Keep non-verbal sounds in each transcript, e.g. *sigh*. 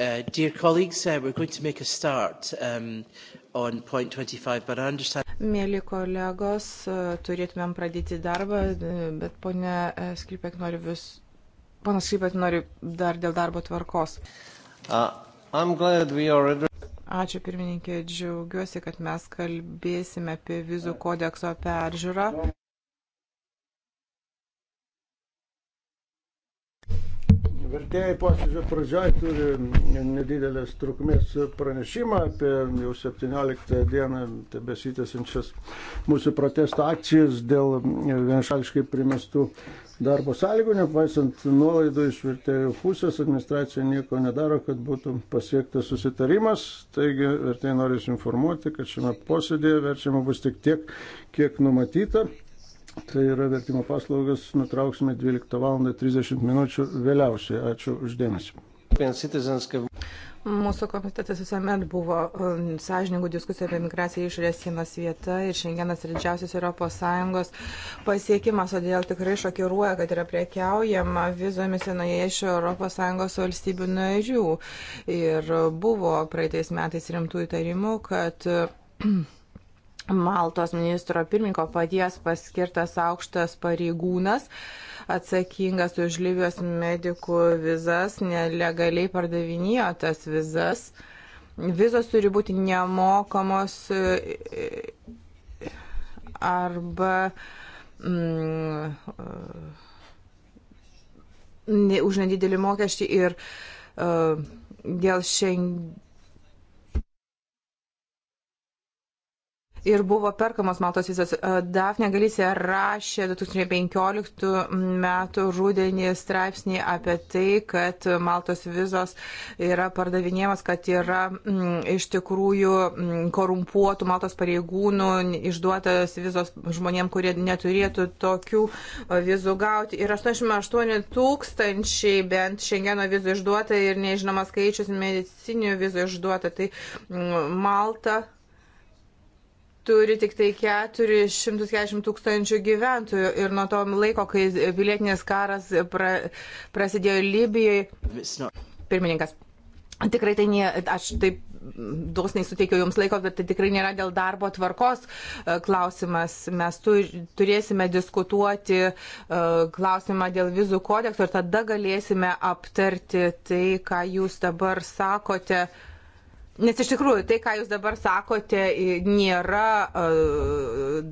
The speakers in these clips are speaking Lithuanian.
Uh, dear colleagues, uh, we're going to make a start um, on point 25, but I understand... Mėly kolegos, uh, turėtumėm pradėti darbą, uh, bet ponia uh, Skripek nori vis... Ponas Skripek nori dar dėl darbo tvarkos. Uh, I'm glad we are... Ačiū pirmininkė, džiaugiuosi, kad mes kalbėsime apie vizų kodekso peržiūrą. vertėjai posėdžio pradžioj turi nedidelės trukmės pranešimą apie jau 17 dieną tebesitęsiančias mūsų protesto akcijas dėl vienšališkai primestų darbo sąlygų, nepaisant nuolaidų iš vertėjų pusės, administracija nieko nedaro, kad būtų pasiektas susitarimas. Taigi vertėjai norės informuoti, kad šiame posėdėje verčiama bus tik tiek, kiek numatyta. Tai yra vertimo paslaugas, nutrauksime 12 val. 30 minučių vėliausiai. Ačiū uždėmesi. Mūsų komitetas visuomet buvo um, sąžiningų diskusijų apie migraciją išorės sienos vieta ir šiandienas yra didžiausias ES pasiekimas, todėl tikrai šokiruoja, kad yra priekiaujama vizomis vienoje iš ES valstybių narių. Ir buvo praeitais metais rimtų įtarimų, kad Maltos ministro pirmininko paties paskirtas aukštas pareigūnas atsakingas už Libijos medikų vizas, nelegaliai pardavinėjo tas vizas. Vizos turi būti nemokamos e, e, arba mm, e, už nedidelį mokestį ir uh, dėl šiandien ir buvo perkamos maltos visos. E, Dafne Galisija rašė 2015 metų rūdienį straipsnį apie tai, kad maltos vizos yra pardavinėjimas, kad yra m, mm, iš tikrųjų mm, korumpuotų maltos pareigūnų išduotas vizos žmonėm, kurie neturėtų tokių e, vizų gauti. Ir 88 tūkstančiai bent šengeno vizų išduota ir nežinomas skaičius medicinių vizų išduota. Tai m, mm, Malta turi tik tai 440 tūkstančių gyventojų ir nuo to laiko, kai pilietinis karas pra, prasidėjo Libijoje. Pirmininkas, tikrai tai ne, aš taip dosniai suteikiau jums laiko, bet tai tikrai nėra dėl darbo tvarkos e, klausimas. Mes tu, turėsime diskutuoti e, klausimą dėl vizų kodekso ir tada galėsime aptarti tai, ką jūs dabar sakote. Nes iš tikrųjų tai, ką jūs dabar sakote, nėra e,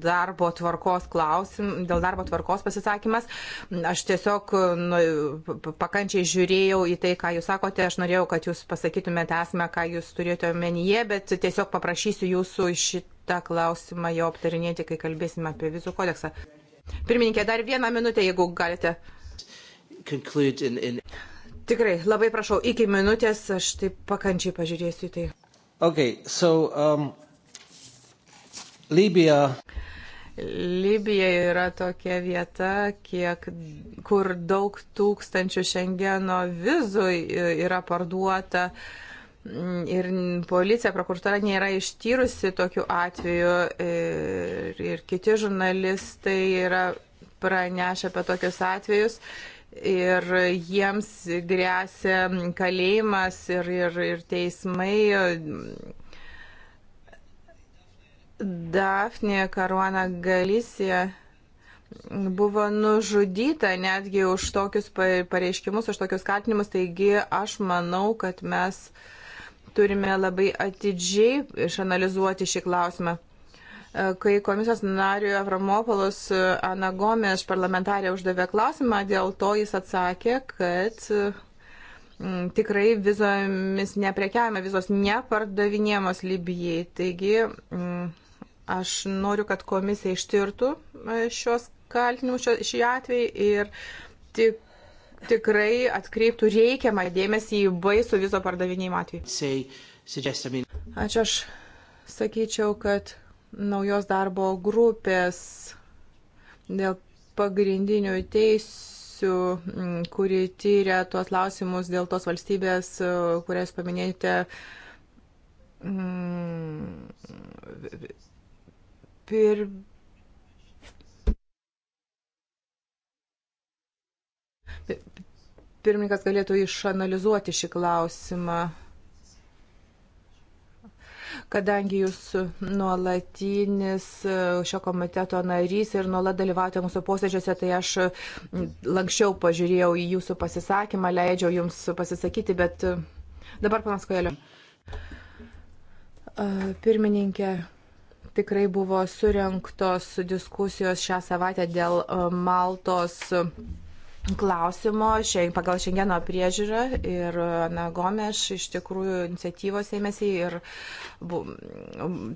darbo tvarkos klausim, dėl darbo tvarkos pasisakymas. Aš tiesiog nu, pakančiai žiūrėjau į tai, ką jūs sakote. Aš norėjau, kad jūs pasakytumėte esmę, ką jūs turėjote omenyje, bet tiesiog paprašysiu jūsų šitą klausimą jau aptarinėti, kai kalbėsime apie vizų kodeksą. Pirmininkė, dar vieną minutę, jeigu galite. In, in... Tikrai, labai prašau, iki minutės aš taip pakančiai pažiūrėsiu į tai. Okay, so, um, Libija. Libija yra tokia vieta, kiek, kur daug tūkstančių šengeno vizų yra parduota. Ir policija, prokuratura nėra ištyrusi tokių atvejų ir, ir kiti žurnalistai yra pranešę apie tokius atvejus ir jiems grėsia kalėjimas ir, ir, ir teismai. Dafnė Karuana Galicija buvo nužudyta netgi už tokius pareiškimus, už tokius kaltinimus. Taigi aš manau, kad mes turime labai atidžiai išanalizuoti šį klausimą. E, kai komisijos nariui Avramopoulos e, Anagomės parlamentarė uždavė klausimą, dėl to jis atsakė, kad e, tikrai vizomis neprekiavime, vizos nepardavinėjamos Libijai. Taigi aš noriu, kad komisija ištirtų šios kaltinimus, šį atvejį ir tik tikrai atkreiptų reikiamą dėmesį į baisų vizo pardavinėjimą atvejį. Ačiū, aš sakyčiau, kad naujos darbo grupės dėl pagrindinių teisių, kuri tyria tuos klausimus dėl tos valstybės, e, kurias paminėjote pir... pirmininkas galėtų išanalizuoti šį klausimą kadangi jūs nuolatinis e, šio komiteto narys ir nuolat dalyvaujate mūsų posėdžiuose, tai aš lankščiau pažiūrėjau į jūsų pasisakymą, leidžiau jums pasisakyti, bet e, dabar panas Koelio. Pirmininkė, tikrai buvo surinktos diskusijos šią savaitę dėl e, Maltos klausimo šiai, pagal šiandieno priežiūrą ir Ana Gomeš iš tikrųjų iniciatyvos ėmėsi ir bu,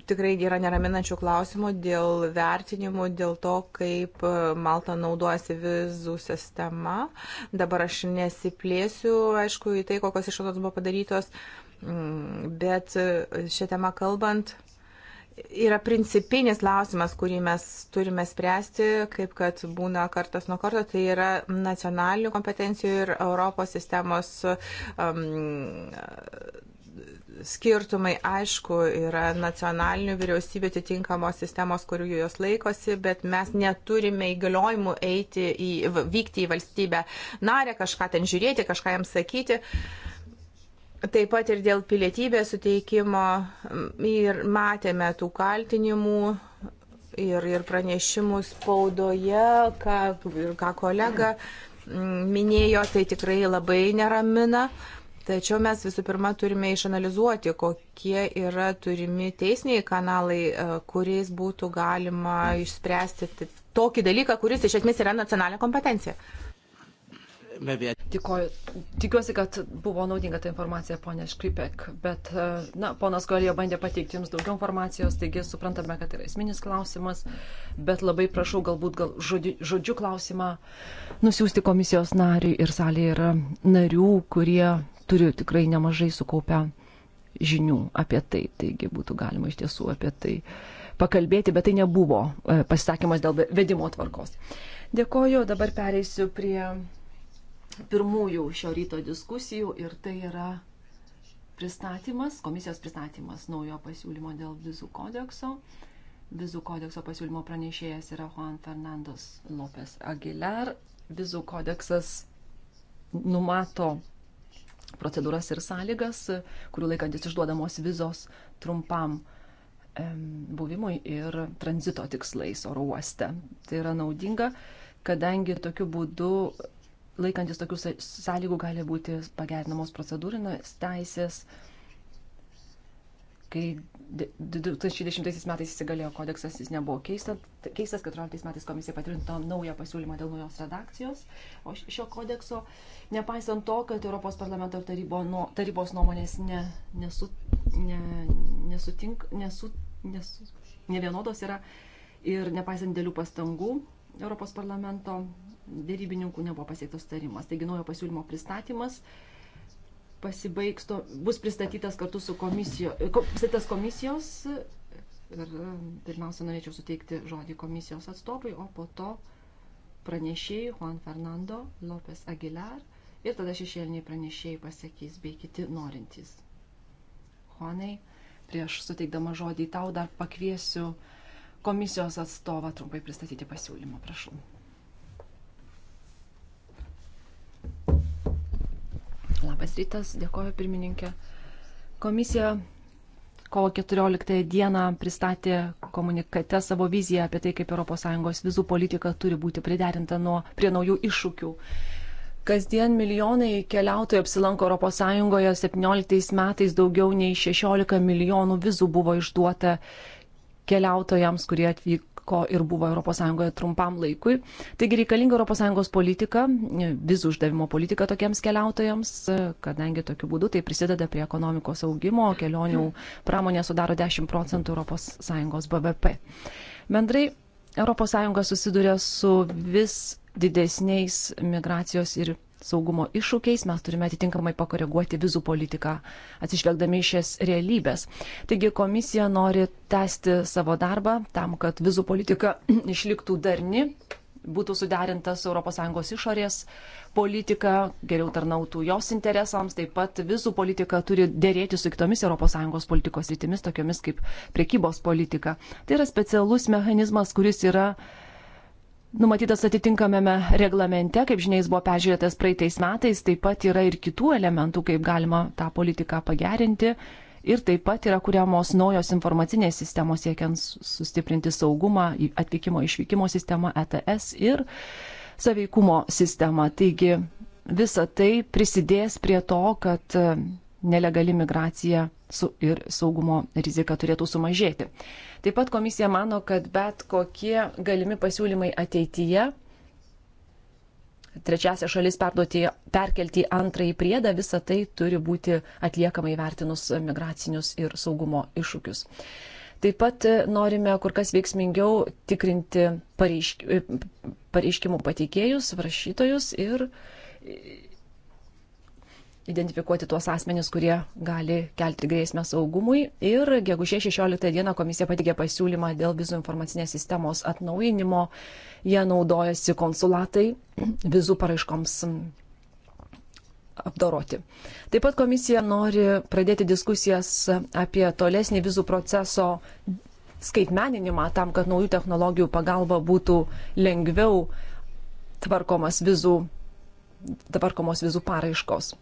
tikrai yra neraminančių klausimų dėl vertinimų, dėl to, kaip Malta naudojasi vizų sistema. Dabar aš nesiplėsiu, aišku, į tai, kokios išvados buvo padarytos, bet šią temą kalbant yra principinis klausimas, kurį mes turime spręsti, kaip kad būna kartas nuo karto, tai yra nacionalinių kompetencijų ir Europos sistemos um, skirtumai, aišku, yra nacionalinių vyriausybių atitinkamos sistemos, kurių jos laikosi, bet mes neturime įgaliojimų eiti į, vykti į valstybę narę, kažką ten žiūrėti, kažką jam sakyti. Uh, Taip pat ir dėl pilietybės suteikimo ir matėme tų kaltinimų ir, ir pranešimų spaudoje, ką, ką kolega minėjo, tai tikrai labai neramina. Tačiau mes visų pirma turime išanalizuoti, kokie yra turimi teisiniai kanalai, e, kuriais būtų galima išspręsti tokį dalyką, kuris iš esmės yra nacionalinė kompetencija. Tikoju, tikiuosi, kad buvo naudinga ta informacija, ponė Škripek, bet, e, na, ponas Galijo bandė pateikti jums daugiau informacijos, taigi suprantame, kad tai yra esminis klausimas, bet labai prašau galbūt gal žodžiu, žodžiu klausimą nusiųsti komisijos nariui ir salėje yra narių, kurie turi tikrai nemažai sukaupę žinių apie tai, taigi būtų galima iš tiesų apie tai pakalbėti, bet tai nebuvo e, pasisakymas dėl vedimo tvarkos. Dėkoju, dabar pereisiu prie pirmųjų šio ryto diskusijų ir tai yra pristatymas, komisijos pristatymas naujo pasiūlymo dėl vizų kodekso. Vizų kodekso pasiūlymo pranešėjas yra Juan Fernandos Lopes Aguilar. Vizų kodeksas numato procedūras ir sąlygas, kurių laikantis išduodamos vizos trumpam buvimui ir tranzito tikslais oro uoste. Tai yra naudinga, kadangi tokiu būdu laikantis tokių sąlygų gali būti pagerinamos procedūrinės teisės. Kai 2010 metais įsigalėjo kodeksas, jis nebuvo keistas. Keistas 14 metais komisija patvirtino naują pasiūlymą dėl naujos redakcijos o šio kodekso. Nepaisant to, kad Europos parlamento ir tarybo, no, tarybos nuomonės ne, nesu, ne, nesutink, nesu, nesu, nevienodos yra ir nepaisant dėlių pastangų Europos parlamento dėrybininkų nebuvo pasiektas tarimas. Taigi naujo pasiūlymo pristatymas pasibaigs, to, bus pristatytas kartu su komisijo, e, pristatytas komisijos ir e, pirmiausia norėčiau suteikti žodį komisijos atstovui, o po to pranešėjai Juan Fernando Lopes Aguilar ir tada šešėliniai pranešėjai pasakys bei kiti norintys. Juanai, prieš suteikdama žodį tau dar pakviesiu komisijos atstovą trumpai pristatyti pasiūlymą, prašau. Labas rytas, dėkoju pirmininkė. Komisija kovo 14 dieną pristatė komunikate savo viziją apie tai, kaip ES vizų politika turi būti priderinta nuo, prie naujų iššūkių. Kasdien milijonai keliautojų apsilanko ES, 17 metais daugiau nei 16 milijonų vizų buvo išduota keliautojams, kurie atvyko ko ir buvo ES trumpam laikui. Taigi reikalinga ES politika, vizų uždavimo politika tokiems keliautojams, kadangi tokiu būdu tai prisideda prie ekonomikos augimo, kelionių pramonė sudaro 10 procentų ES BVP. Bendrai ES susiduria su vis didesniais migracijos ir saugumo iššūkiais, mes turime atitinkamai pakoreguoti vizų politiką, atsižvelgdami iš šias realybės. Taigi komisija nori tęsti savo darbą tam, kad vizų politika *clears throat* išliktų darni, būtų suderintas ES išorės politika, geriau tarnautų jos interesams, taip pat vizų politika turi dėrėti su kitomis ES politikos rytimis, tokiomis kaip priekybos politika. Tai yra specialus mechanizmas, kuris yra uh, numatytas atitinkamame reglamente, kaip žinia, jis buvo peržiūrėtas praeitais metais, taip pat yra ir kitų elementų, kaip galima tą politiką pagerinti. Ir taip pat yra kuriamos naujos informacinės sistemos siekiant sustiprinti saugumą, atvykimo išvykimo sistemą ETS ir saveikumo sistemą. Taigi visa tai prisidės prie to, kad nelegali migracija su ir saugumo rizika turėtų sumažėti. Taip pat komisija mano, kad bet kokie galimi pasiūlymai ateityje trečiasią šalis perduoti, perkelti į antrąjį priedą, visa tai turi būti atliekamai vertinus migracinius ir saugumo iššūkius. Taip pat e, norime kur kas veiksmingiau tikrinti pareišk, e, pareiškimų pateikėjus, rašytojus ir identifikuoti tuos asmenis, kurie gali kelti grėsmę saugumui. Ir gegužė 16 dieną komisija patikė pasiūlymą dėl vizų informacinės sistemos atnaujinimo. Jie naudojasi konsulatai vizų paraiškoms apdoroti. Taip pat komisija nori pradėti diskusijas apie tolesnį vizų proceso skaitmeninimą tam, kad naujų technologijų pagalba būtų lengviau tvarkomas vizų, tvarkomos vizų paraiškos.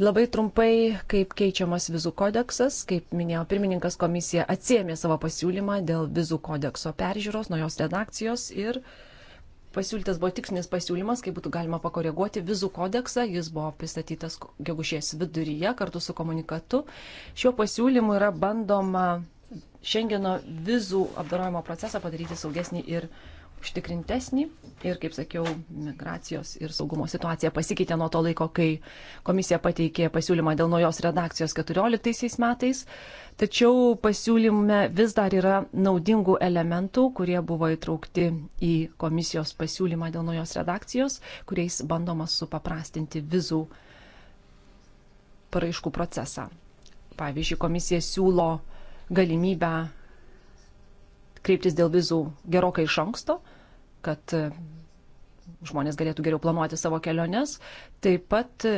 Labai trumpai, kaip keičiamas vizų kodeksas, kaip minėjo pirmininkas, komisija atsiemė savo pasiūlymą dėl vizų kodekso peržiūros, naujos redakcijos ir pasiūlytas buvo tikslinis pasiūlymas, kaip būtų galima pakoreguoti vizų kodeksą, jis buvo pristatytas gegužės viduryje kartu su komunikatu. Šiuo pasiūlymu yra bandoma Šengeno vizų apdarojimo procesą padaryti saugesnį ir efektyvesnį užtikrintesnį ir, kaip sakiau, migracijos ir saugumo situacija pasikeitė nuo to laiko, kai komisija pateikė pasiūlymą dėl naujos redakcijos 2014 metais, tačiau pasiūlyme vis dar yra naudingų elementų, kurie buvo įtraukti į komisijos pasiūlymą dėl naujos redakcijos, kuriais bandoma supaprastinti vizų paraiškų procesą. Pavyzdžiui, komisija siūlo galimybę kreiptis dėl vizų gerokai iš anksto, kad e, žmonės galėtų geriau planuoti savo keliones, taip pat e,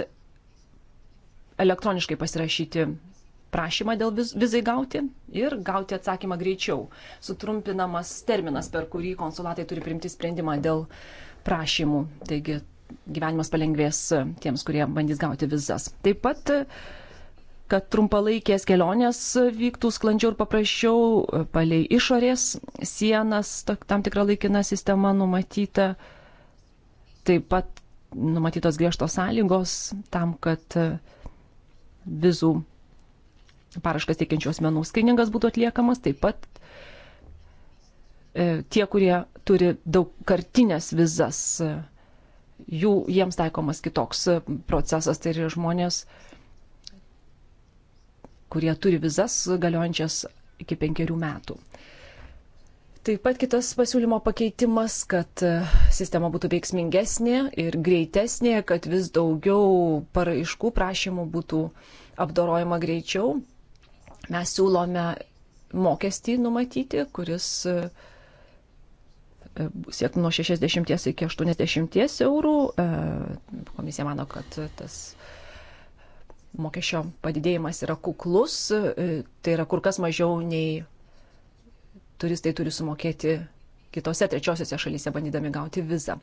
elektroniškai pasirašyti prašymą dėl viz, vizai gauti ir gauti atsakymą greičiau. Sutrumpinamas terminas, per kurį konsulatai turi primti sprendimą dėl prašymų. Taigi gyvenimas palengvės e, tiems, kurie bandys gauti vizas. Taip pat kad trumpalaikės kelionės vyktų sklandžiau ir paprasčiau, palei išorės sienas tam tikra laikina sistema numatyta, taip pat numatytos griežtos sąlygos tam, kad e, vizų paraškas teikiančių asmenų skriningas būtų atliekamas, taip pat e, tie, kurie turi daugkartinės vizas, e, jų, jiems taikomas kitoks procesas, tai yra žmonės, kurie turi vizas galiojančias iki penkerių metų. Taip pat kitas pasiūlymo pakeitimas, kad e, sistema būtų veiksmingesnė ir greitesnė, kad vis daugiau paraiškų prašymų būtų apdorojama greičiau. Mes siūlome mokestį numatyti, kuris e, siektų nuo 60 iki 80 eurų. E, komisija mano, kad tas mokesčio padidėjimas yra kuklus, e, tai yra kur kas mažiau nei turistai turi sumokėti kitose trečiosiose šalyse bandydami gauti vizą.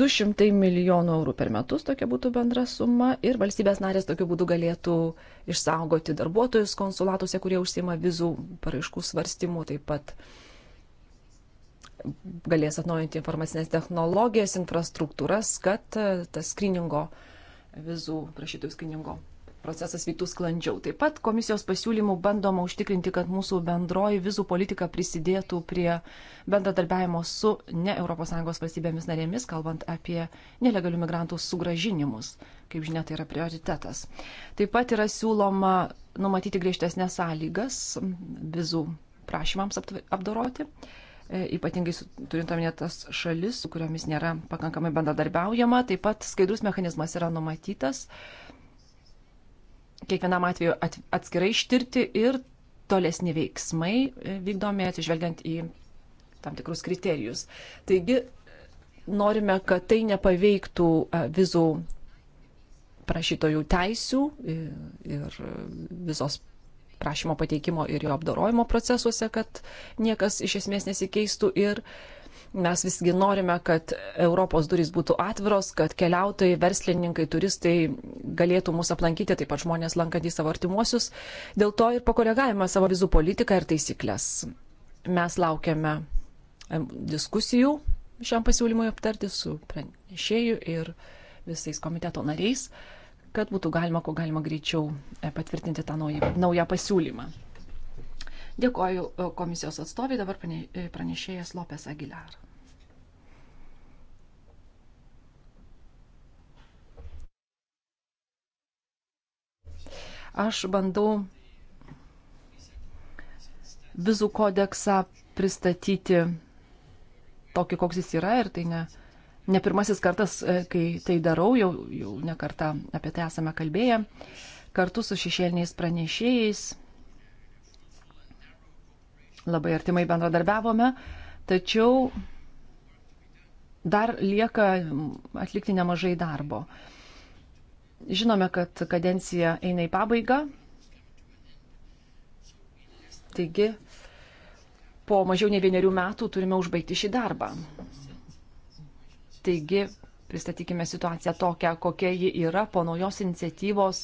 200 milijonų eurų per metus tokia būtų bendra suma ir valstybės narės tokiu būdu galėtų išsaugoti darbuotojus konsulatuose, kurie užsima vizų paraiškų svarstymų, taip pat galės atnaujinti informacinės technologijas, infrastruktūras, kad e, tas skriningo uh, vizų prašytojų skiningo procesas vyktų sklandžiau. Taip pat komisijos pasiūlymų bandoma užtikrinti, kad mūsų bendroji vizų politika prisidėtų prie bendradarbiavimo su ne ES valstybėmis narėmis, kalbant apie nelegalių migrantų sugražinimus. Kaip žinia, tai yra prioritetas. Taip pat yra siūloma numatyti griežtesnės sąlygas vizų prašymams apdoroti. Aptv E, ypatingai turint omenyje tas šalis, su kuriomis nėra pakankamai bendradarbiaujama. Taip pat skaidrus mechanizmas yra numatytas kiekvienam atveju at, atskirai ištirti ir tolesni veiksmai e, vykdomi atsižvelgiant į tam tikrus kriterijus. Taigi norime, kad tai nepaveiktų e, vizų prašytojų teisių ir visos prašymo pateikimo ir jo apdorojimo procesuose, kad niekas iš esmės nesikeistų ir mes visgi norime, kad Europos durys būtų atviros, kad keliautojai, verslininkai, turistai galėtų mus aplankyti, taip pat žmonės lankantys savo artimuosius. Dėl to ir pakoregavime savo vizų politiką ir taisyklės. Mes laukiame diskusijų šiam pasiūlymui aptarti su pranešėju ir visais komiteto nariais kad būtų galima, kuo galima greičiau e, patvirtinti tą naują, naują pasiūlymą. Dėkoju e, komisijos atstoviai, dabar e, pranešėjas Lopes Aguilar. Aš bandau vizų kodeksą pristatyti tokį, koks jis yra ir tai ne, ne pirmasis kartas, e, kai tai darau, jau, jau ne kartą apie tai esame kalbėję, kartu su šešėliniais pranešėjais labai artimai bendradarbiavome, tačiau dar lieka atlikti nemažai darbo. Žinome, kad kadencija eina į pabaigą. Taigi, po mažiau nei vienerių metų turime užbaigti šį darbą. Taigi, pristatykime situaciją tokią, kokia ji yra po naujos iniciatyvos,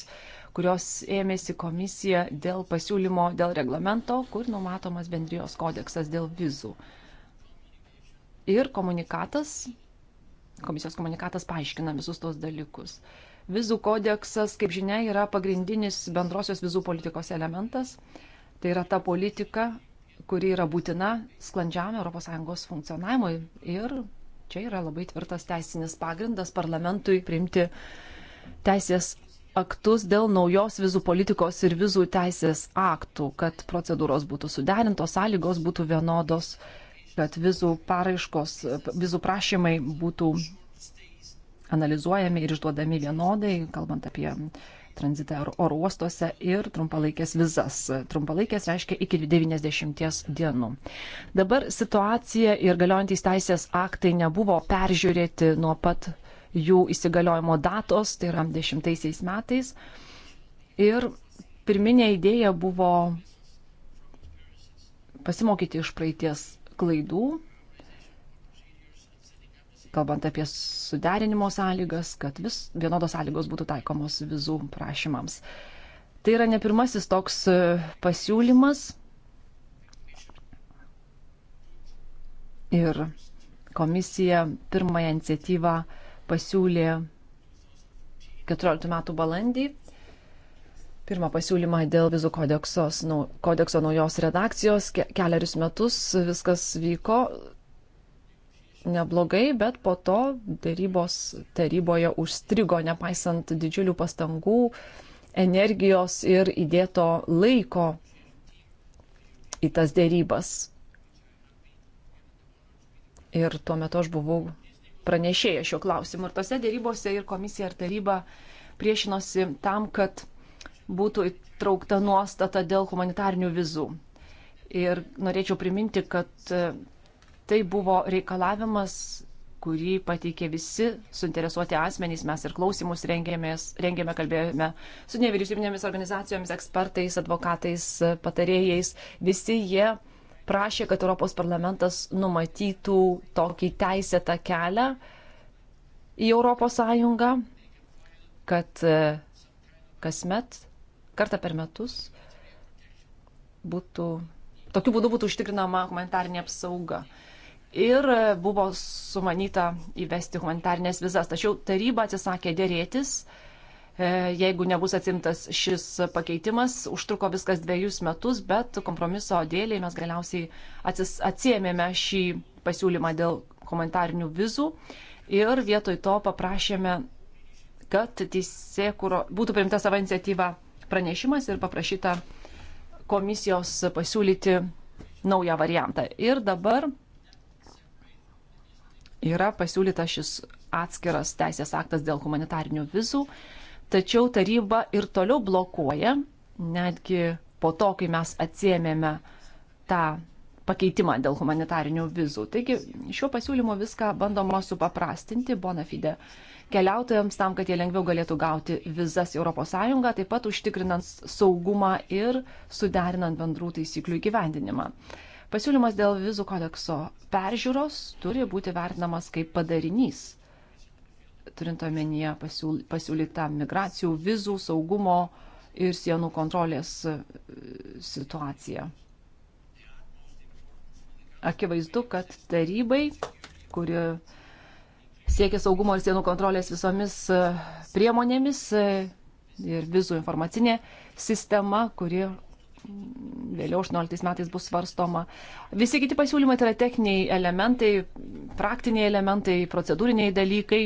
kurios ėmėsi komisija dėl pasiūlymo, dėl reglamento, kur numatomas bendrijos kodeksas dėl vizų. Ir komunikatas, komisijos komunikatas paaiškina visus tos dalykus. Vizų kodeksas, kaip žinia, yra pagrindinis bendrosios vizų politikos elementas. Tai yra ta politika, kuri yra būtina sklandžiam ES funkcionavimui ir Čia yra labai tvirtas teisinis pagrindas parlamentui priimti teisės aktus dėl naujos vizų politikos ir vizų teisės aktų, kad procedūros būtų suderintos, sąlygos būtų vienodos, kad vizų paraiškos, vizų prašymai būtų analizuojami ir išduodami vienodai, kalbant apie uh, tranzitą oro uostuose ir trumpalaikės vizas. Trumpalaikės reiškia iki 90 dienų. Dabar situacija ir galiojantys teisės aktai nebuvo peržiūrėti nuo pat jų įsigaliojimo datos, tai yra 10 metais. Ir pirminė idėja buvo pasimokyti iš praeities klaidų kalbant apie suderinimo sąlygas, kad vis vienodos sąlygos būtų taikomos vizų prašymams. Tai yra ne pirmasis toks e, pasiūlymas. Ir komisija pirmąją iniciatyvą pasiūlė 14 metų balandį. Pirmą pasiūlymą dėl vizų kodeksos, nu, kodekso naujos redakcijos ke keliarius metus viskas vyko neblogai, bet po to darybos taryboje užstrigo, nepaisant didžiulių pastangų, energijos ir įdėto laiko į tas darybas. Ir tuo metu aš buvau pranešėję šiuo klausimu. Ir tose dėrybose ir komisija ir taryba priešinosi tam, kad būtų įtraukta nuostata dėl humanitarnių vizų. Ir norėčiau priminti, kad Tai buvo reikalavimas, kurį pateikė visi suinteresuoti asmenys. Mes ir klausimus rengėmės, rengėme, kalbėjome su nevyriausybinėmis organizacijomis, ekspertais, advokatais, patarėjais. Visi jie prašė, kad Europos parlamentas numatytų tokį teisėtą kelią į Europos Sąjungą, kad e, kasmet, kartą per metus būtų, tokiu būdu būtų užtikrinama humanitarinė apsauga. Uh, ir buvo sumanyta įvesti humanitarnės vizas. Tačiau taryba atsisakė dėrėtis, e, jeigu nebus atsimtas šis pakeitimas. Užtruko viskas dviejus metus, bet kompromiso dėliai mes galiausiai atsis, atsiemėme šį pasiūlymą dėl humanitarnių vizų ir vietoj to paprašėme, kad teisėkuro būtų priimta savo iniciatyva pranešimas ir paprašyta komisijos pasiūlyti naują variantą. Ir dabar yra pasiūlyta šis atskiras teisės aktas dėl humanitarinių vizų, tačiau taryba ir toliau blokuoja, netgi po to, kai mes atsiemėme tą pakeitimą dėl humanitarinių vizų. Taigi šiuo pasiūlymu viską bandoma supaprastinti bonafide keliautojams tam, kad jie lengviau galėtų gauti vizas į ES, taip pat užtikrinant saugumą ir suderinant bendrų taisyklių įgyvendinimą. Pasiūlymas dėl vizų kodekso peržiūros turi būti vertinamas kaip padarinys, turint omenyje pasiūlytą migracijų, vizų, saugumo ir sienų kontrolės e, situaciją. Akivaizdu, kad tarybai, kuri siekia saugumo ir sienų kontrolės visomis e, priemonėmis e, ir vizų informacinė sistema, kuri vėliau 18 metais bus svarstoma. Visi kiti pasiūlymai tai yra techniniai elementai, praktiniai elementai, procedūriniai dalykai.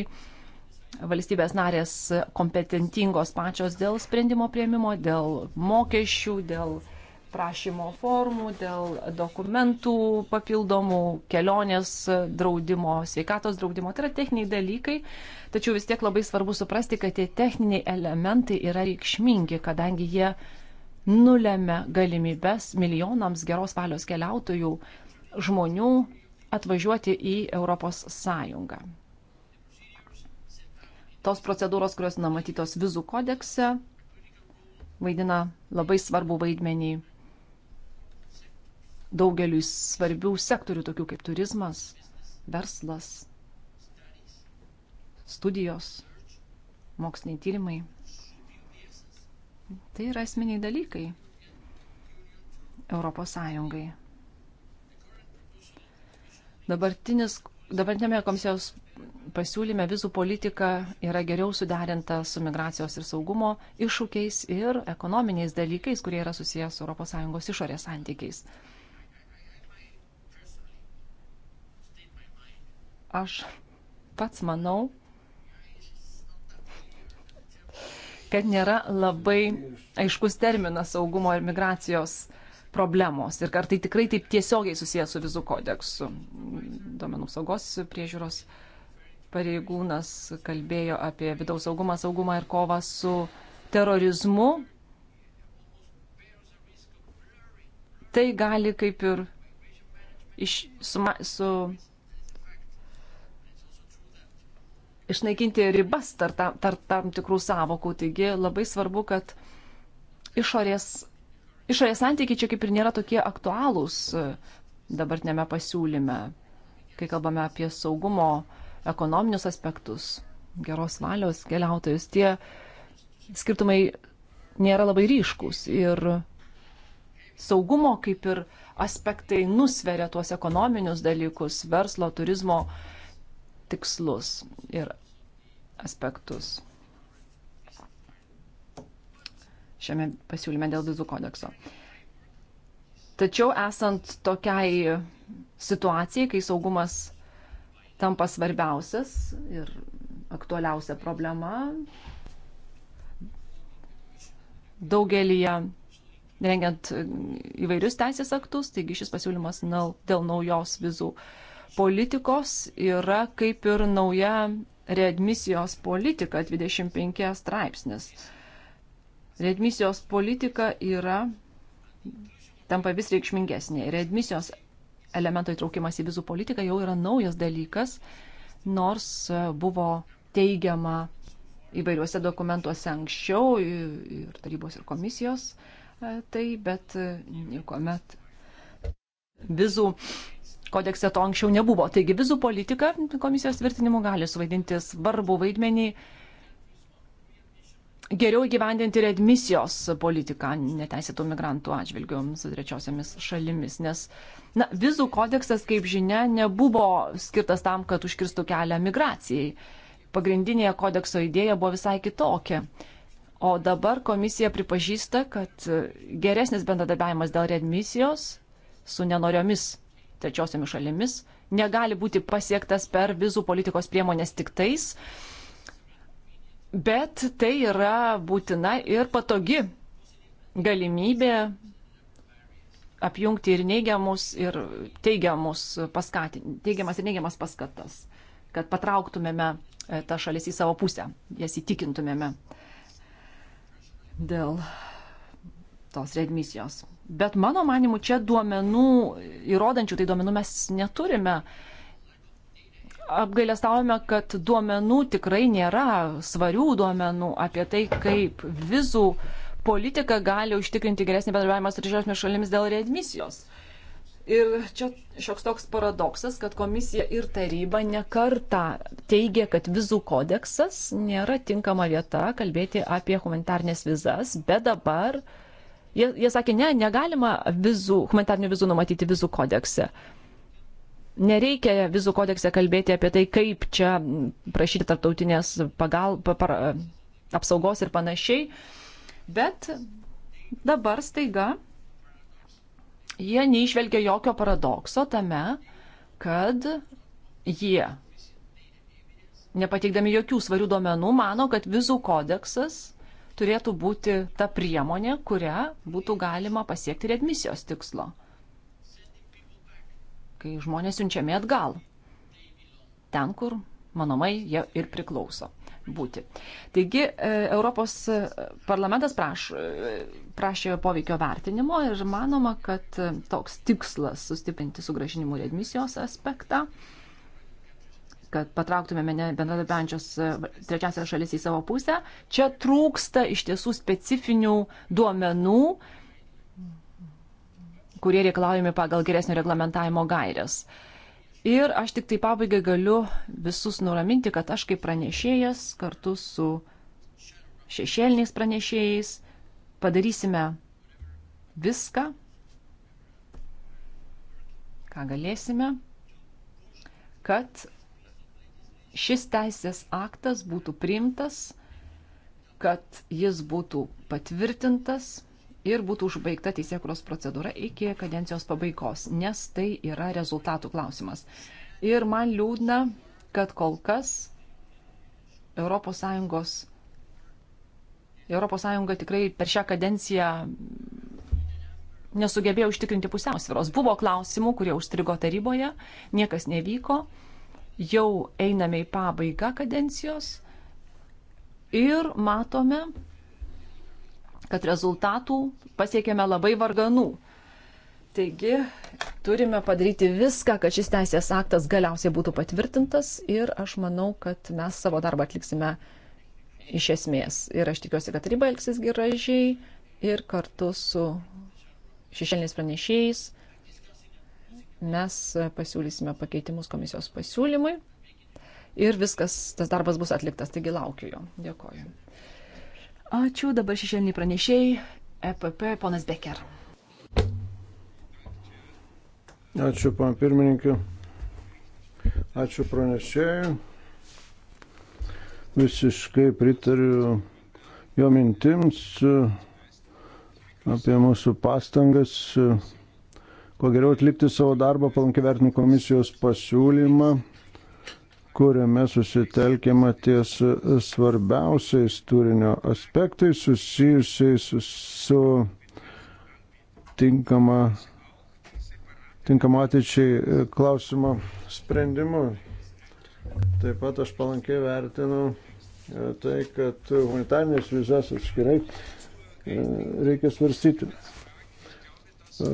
Valstybės narės kompetentingos pačios dėl sprendimo prieimimo, dėl mokesčių, dėl prašymo formų, dėl dokumentų papildomų, kelionės draudimo, sveikatos draudimo. Tai yra techniniai dalykai, tačiau vis tiek labai svarbu suprasti, kad tie techniniai elementai yra reikšmingi, kadangi jie nulėmė galimybes milijonams geros valios keliautojų žmonių atvažiuoti į Europos Sąjungą. Tos procedūros, kurios numatytos vizų kodekse, vaidina labai svarbu vaidmenį daugeliu svarbių sektorių, tokių kaip turizmas, verslas, studijos, moksliniai tyrimai. Tai yra esminiai dalykai Europos Sąjungai. Dabartinis, dabartinėme komisijos pasiūlyme vizų politika yra geriau suderinta su migracijos ir saugumo iššūkiais ir ekonominiais dalykais, kurie yra susijęs su ES išorės santykiais. Aš pats manau, kad nėra labai aiškus terminas saugumo ir migracijos problemos ir ar tai tikrai taip tiesiogiai susijęs su vizų kodeksu. Domenų saugos priežiūros pareigūnas kalbėjo apie vidaus saugumą, saugumą ir kovą su terorizmu. Tai gali kaip ir iš, suma, su išnaikinti ribas tarp tam, tar, tam tikrų savokų. Taigi labai svarbu, kad išorės, išorės santykiai čia kaip ir nėra tokie aktualūs e, dabartinėme pasiūlyme, kai kalbame apie saugumo ekonominius aspektus, geros valios keliautojus. Tie skirtumai nėra labai ryškus ir saugumo kaip ir aspektai nusveria tuos ekonominius dalykus, verslo, turizmo tikslus ir aspektus šiame pasiūlyme dėl vizų kodekso. Tačiau esant tokiai situacijai, kai saugumas tampa svarbiausias ir aktualiausia problema, daugelį rengiant įvairius teisės aktus, taigi šis pasiūlymas dėl naujos vizų kodekso politikos yra kaip ir nauja readmisijos politika 25 straipsnis. Readmisijos politika yra tampa vis reikšmingesnė. Readmisijos elemento įtraukimas į vizų politiką jau yra naujas dalykas, nors e, buvo teigiama įvairiuose dokumentuose anksčiau ir tarybos ir komisijos e, tai, bet e, niekuomet vizų kodekse to anksčiau nebuvo. Taigi vizų politika komisijos tvirtinimu gali suvaidinti svarbu vaidmenį geriau įgyvendinti redmisijos politiką neteisėtų migrantų atžvilgių su trečiosiamis šalimis, nes na, vizų kodeksas, kaip žinia, nebuvo skirtas tam, kad užkirstų kelią migracijai. Pagrindinė kodekso idėja buvo visai kitokia. O dabar komisija pripažįsta, kad geresnis bendradarbiavimas dėl redmisijos su nenoriomis trečiosiomis šalimis negali būti pasiektas per vizų politikos priemonės tik tais, bet tai yra būtina ir patogi galimybė apjungti ir neigiamus, ir teigiamus paskatin, teigiamas ir neigiamas paskatas, kad patrauktumėme e, tą šalis į savo pusę, jas įtikintumėme dėl tos redmisijos. Bet mano manimu, čia duomenų, įrodančių tai duomenų mes neturime. Apgailėstavome, kad duomenų tikrai nėra, svarių duomenų apie tai, kaip vizų politika gali užtikrinti geresnį bendradarbiavimą su trečiosiomis šalimis dėl readmisijos. Ir čia šioks toks paradoksas, kad komisija ir taryba nekarta teigia, kad vizų kodeksas nėra tinkama vieta kalbėti apie humanitarnės vizas, bet dabar uh, Jie, jie sakė, ne, negalima vizų, humanitarnių vizų numatyti vizų kodekse. Nereikia vizų kodekse kalbėti apie tai, kaip čia prašyti tarptautinės pagal, pa, pa, apsaugos ir panašiai. Bet dabar staiga jie neišvelgia jokio paradokso tame, kad jie, nepateikdami jokių svarių duomenų, mano, kad vizų kodeksas turėtų būti ta priemonė, kurią būtų galima pasiekti redmisijos tikslo, kai žmonės siunčiami atgal, ten, kur manomai jie ir priklauso būti. Taigi e, Europos parlamentas praš, e, prašė poveikio vertinimo ir manoma, kad toks tikslas sustiprinti sugražinimų redmisijos aspektą kad patrauktumėme bendradarbiančios e, trečiasias šalis į savo pusę. Čia trūksta iš tiesų specifinių duomenų, kurie reikalaujami pagal geresnio reglamentavimo gairias. Ir aš tik tai pabaigai galiu visus nuraminti, kad aš kaip pranešėjas kartu su šešėliniais pranešėjais padarysime viską, ką galėsime, kad šis teisės aktas būtų priimtas, kad jis būtų patvirtintas ir būtų užbaigta teisėkuros procedūra iki kadencijos pabaigos, nes tai yra rezultatų klausimas. Ir man liūdna, kad kol kas ES, ES tikrai per šią kadenciją nesugebėjo užtikrinti pusiausvėros. Buvo klausimų, kurie užstrigo taryboje, niekas nevyko jau einame į pabaigą kadencijos ir matome, kad rezultatų pasiekėme labai varganų. Taigi turime padaryti viską, kad šis teisės aktas galiausiai būtų patvirtintas ir aš manau, kad mes savo darbą atliksime iš esmės. Ir aš tikiuosi, kad taryba elgsis gražiai ir kartu su šešėliniais pranešėjais mes pasiūlysime pakeitimus komisijos pasiūlymui ir viskas, tas darbas bus atliktas, taigi laukiu jo. Dėkoju. Ačiū, dabar šešėliniai pranešėjai, EPP, ponas Becker. Ačiū, pan pirmininkė. Ačiū pranešėjai. Visiškai pritariu jo mintims e, apie mūsų pastangas e, kuo geriau atlikti savo darbą, palankiai vertinu komisijos pasiūlymą, kuriame susitelkiama ties svarbiausiais turinio aspektais susijusiais su tinkama, tinkama ateičiai klausimo sprendimu. Taip pat aš palankiai vertinu e, tai, kad humanitarnės vizas atskirai e, reikia svarstyti. E,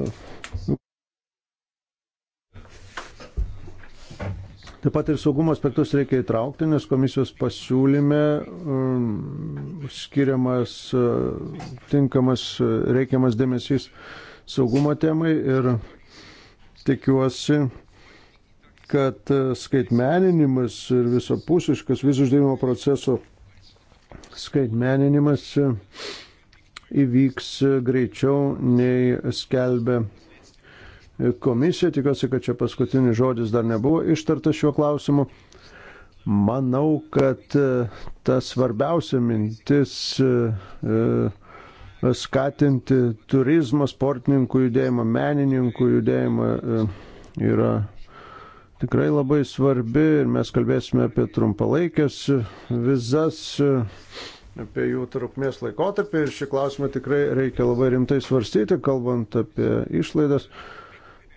Taip pat ir saugumo aspektus reikia įtraukti, nes komisijos pasiūlyme um, skiriamas uh, tinkamas uh, reikiamas dėmesys saugumo temai ir tikiuosi, kad uh, skaitmeninimas ir visapusiškas vizų uždavimo proceso skaitmeninimas uh, įvyks uh, greičiau nei skelbia komisija. Tikiuosi, kad čia paskutinis žodis dar nebuvo ištartas šiuo klausimu. Manau, kad e, ta svarbiausia mintis e, e, skatinti turizmą, sportininkų judėjimą, menininkų judėjimą yra tikrai labai svarbi ir mes kalbėsime apie trumpalaikės vizas apie jų trukmės laikotarpį ir šį klausimą tikrai reikia labai rimtai svarstyti, kalbant apie išlaidas.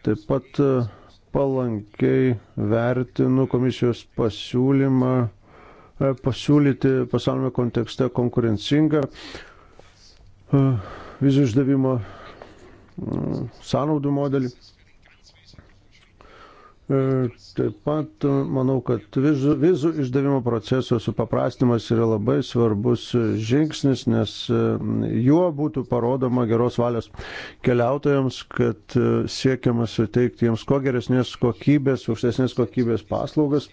Taip pat e, palankiai vertinu komisijos pasiūlymą e, pasiūlyti pasaulio kontekste konkurencingą e, vizų išdavimo sąnaudų modelį. E, taip pat e, manau, kad vizų, vizų išdavimo proceso supaprastimas yra labai svarbus žingsnis, nes e, juo būtų parodoma geros valios keliautojams, kad siekiama suteikti jiems kuo geresnės kokybės, aukštesnės kokybės paslaugas.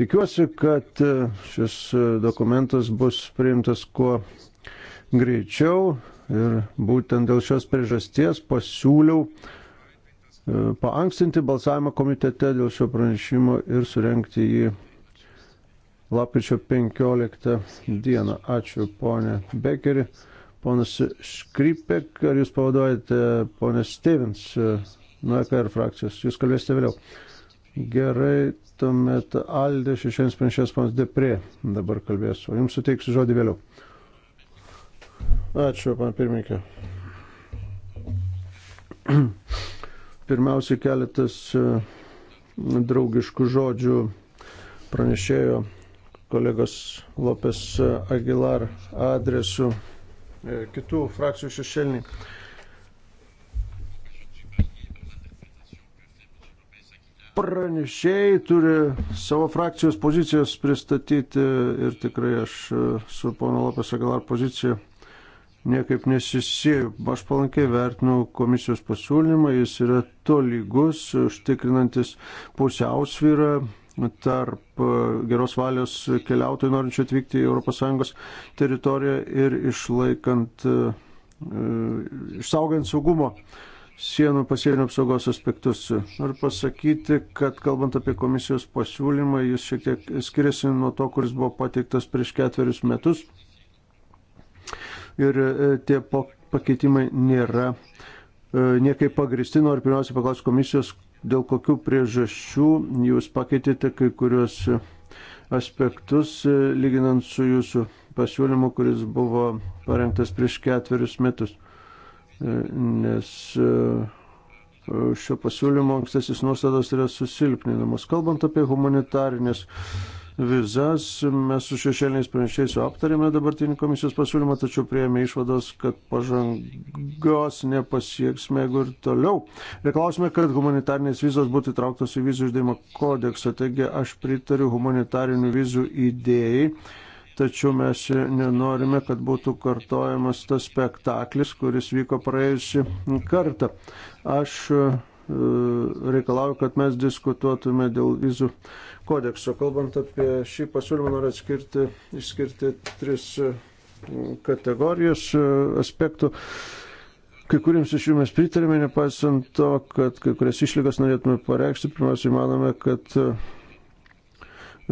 Tikiuosi, kad šis dokumentas bus priimtas kuo greičiau ir būtent dėl šios priežasties pasiūliau E, paankstinti balsavimą komitete dėl šio pranešimo ir surenkti jį lapkričio 15 dieną. Ačiū, ponė Bekeri. Ponas Škripek, ar jūs pavaduojate ponę Stevens e, nuo EKR frakcijos? Jūs kalbėsite vėliau. Gerai, tuomet Aldė šešiems penšias ponas Deprė dabar kalbės, o jums suteiksiu žodį vėliau. Ačiū, pan pirmininkė. Pirmiausiai keletas e, draugiškų žodžių pranešėjo kolegos Lopes e, Aguilar adresu e, kitų frakcijų šešėlinį. Pranešėjai turi savo frakcijos pozicijos pristatyti ir tikrai aš su pono Lopes Aguilar pozicija niekaip nesisėjo. Aš palankiai vertinu komisijos pasiūlymą, jis yra tolygus, užtikrinantis pusiausvyrą tarp e, geros valios keliautojų norinčių atvykti į ES teritoriją ir išlaikant, e, e, išsaugant saugumo sienų pasienio apsaugos aspektus. Noriu pasakyti, kad kalbant apie komisijos pasiūlymą, jis šiek tiek skiriasi nuo to, kuris buvo pateiktas prieš ketverius metus ir e, tie pakeitimai nėra e, niekaip pagristi. Noriu pirmiausia paklausti komisijos, dėl kokių priežasčių jūs pakeitėte kai kurios e, aspektus, lyginant su jūsų pasiūlymu, kuris buvo parengtas prieš ketverius metus. Nes šio pasiūlymo ankstesnis nuostatos yra susilpninamos. Kalbant apie humanitarinės vizas. Mes su šešėliniais pranešėjais aptarėme dabartinį komisijos pasiūlymą, tačiau prieėmė išvados, kad pažangos nepasieksime, jeigu ir toliau. Reklausime, kad humanitarnės vizos būtų įtrauktos į vizų išdėjimo kodeksą. Taigi aš pritariu humanitarinių vizų idėjai. Tačiau mes nenorime, kad būtų kartojamas tas spektaklis, kuris vyko praėjusi kartą. Aš reikalauja, kad mes diskutuotume dėl vizų kodekso. Kalbant apie šį pasiūlymą, noriu atskirti, išskirti tris e, kategorijos e, aspektų. Kai kuriems iš jų mes pritarėme, nepaisant to, kad kai kurias išlygas norėtume pareikšti, pirmiausia, manome, kad e,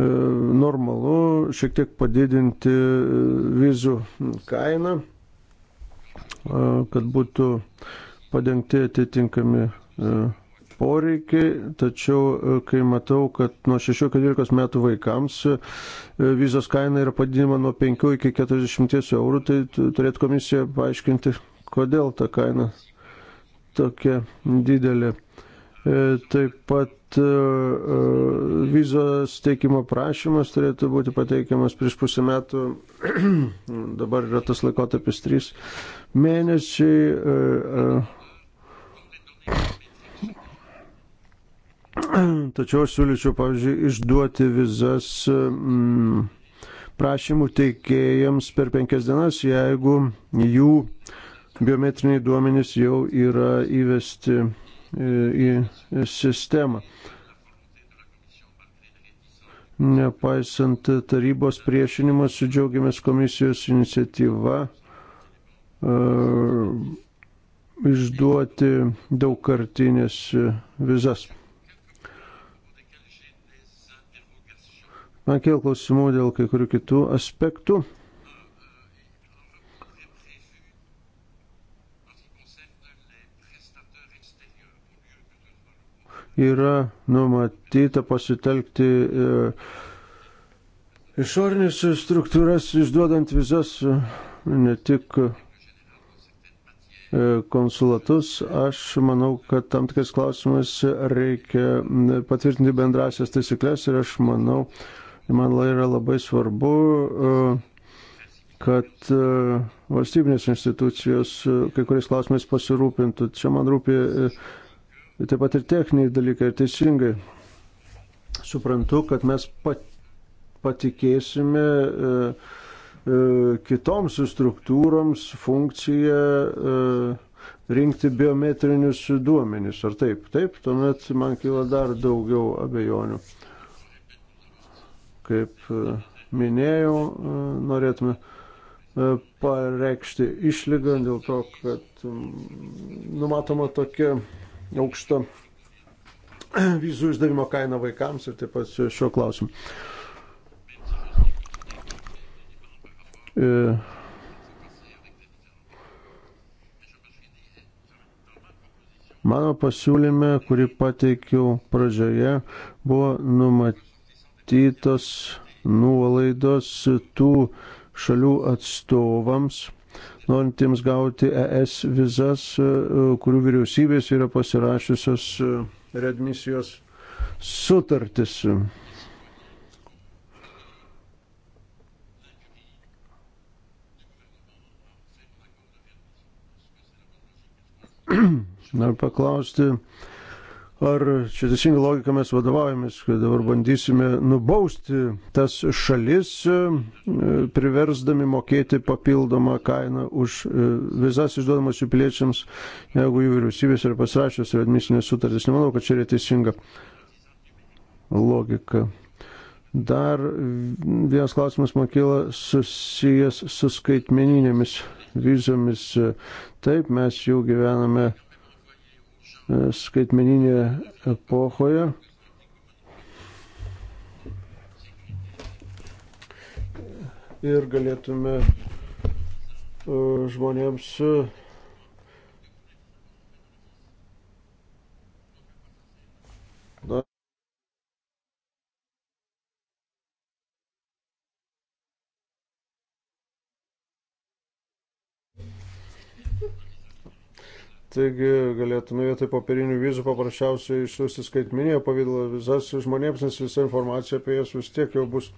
normalu šiek tiek padidinti vizų kainą, kad būtų padengti atitinkami E, poreikiai, tačiau e, kai matau, kad nuo 6-12 metų vaikams e, vizos kaina yra padidinama nuo 5 iki 40 eurų, tai turėtų komisija paaiškinti, kodėl ta kaina tokia didelė. Taip pat vizos teikimo prašymas turėtų būti pateikiamas prieš pusę metų, *clears throat* dabar yra tas laikotarpis 3 mėnesiai *clears throat* Tačiau aš siūlyčiau, pavyzdžiui, išduoti vizas mm, prašymų teikėjams per penkias dienas, jeigu jų biometriniai duomenys jau yra įvesti e, į sistemą. Nepaisant tarybos priešinimas, džiaugiamės komisijos iniciatyva e, išduoti daugkartinės vizas. Man kėl klausimų dėl kai kurių kitų aspektų. Yra numatyta pasitelkti e, išorinės struktūras išduodant vizas e, ne tik e, konsulatus. Aš manau, kad tam tikrais klausimais reikia patvirtinti bendrasias taisyklės ir aš manau, Man yra labai svarbu, e, kad e, valstybinės institucijos e, kai kuriais klausimais pasirūpintų. Čia man rūpi taip pat ir techniniai dalykai ir teisingai. Suprantu, kad mes patikėsime kitoms struktūroms funkciją rinkti biometrinius duomenis. Ar taip? Taip, tuomet man kyla dar daugiau abejonių. Kaip e, minėjau, e, norėtume e, pareikšti išlygą dėl to, kad mm, numatoma tokia aukšta vizų išdavimo kaina vaikams ir taip pat šiuo klausimu. Mano pasiūlyme, kurį pateikiau pradžioje, buvo numatyti numatytos nuolaidos tų šalių atstovams, norintiems gauti ES vizas, e, kurių vyriausybės yra pasirašiusios e, redmisijos sutartis. Noriu paklausti, Ar čia teisinga logika mes vadovaujamės, kad dabar bandysime nubausti tas šalis, e, priversdami mokėti papildomą kainą už e, vizas išduodamas jų piliečiams, jeigu jų vyriausybės yra pasirašęs ir admisinės sutartys. Nemanau, kad čia yra teisinga logika. Dar vienas klausimas man kyla susijęs su skaitmeninėmis vizomis. Taip, mes jau gyvename skaitmeninėje epochoje. Ir galėtume e, žmonėms Taigi galėtume vietoj popierinių vizų paprasčiausiai išsiųsti skaitminėje pavydalo vizas žmonėms, nes visa informacija apie jas vis tiek jau bus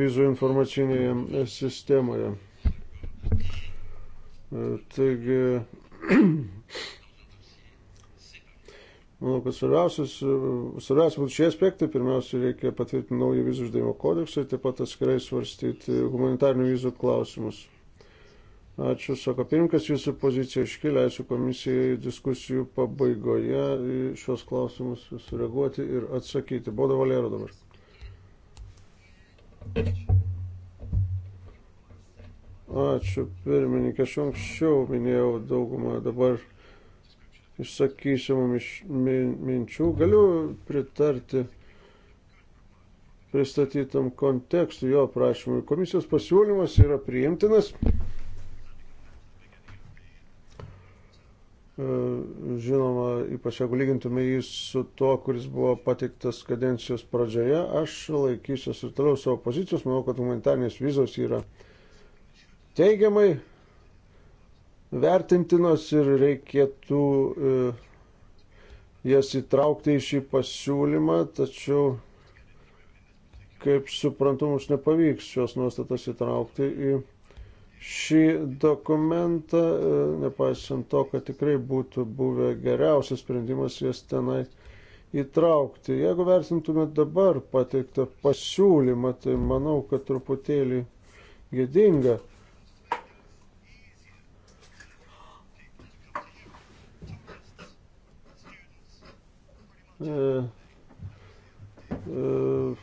vizų informacinėje sistemoje. E, taigi, *clears throat* manau, kad svarbiausias, svarbiausia būtų šie aspektai. Pirmiausia, reikia patvirtinti naują vizų uždavimo kodeksą ir taip pat atskirai svarstyti humanitarnių vizų klausimus. Ačiū, sako pirmininkas, jūsų pozicija iškilia, ačiū komisijai diskusijų pabaigoje šios klausimus sureaguoti ir atsakyti. Bodo Valero dabar. Ačiū, pirmininkė, aš anksčiau minėjau daugumą, dabar išsakysimų minčių. Galiu pritarti pristatytam kontekstui jo prašymui. Komisijos pasiūlymas yra priimtinas. E, žinoma, ypač jeigu lygintume jį su tuo, kuris buvo pateiktas kadencijos pradžioje, aš laikysiuosi ir toliau savo pozicijos. Manau, kad humanitarnės vizos yra teigiamai vertintinos ir reikėtų e, jas įtraukti į šį pasiūlymą, tačiau, kaip suprantu, mums nepavyks šios nuostatas įtraukti į šį dokumentą, e, nepaisant to, kad tikrai būtų buvę geriausias sprendimas jas tenai įtraukti. Jeigu vertintume dabar pateiktą pasiūlymą, tai manau, kad truputėlį gėdinga. E, e,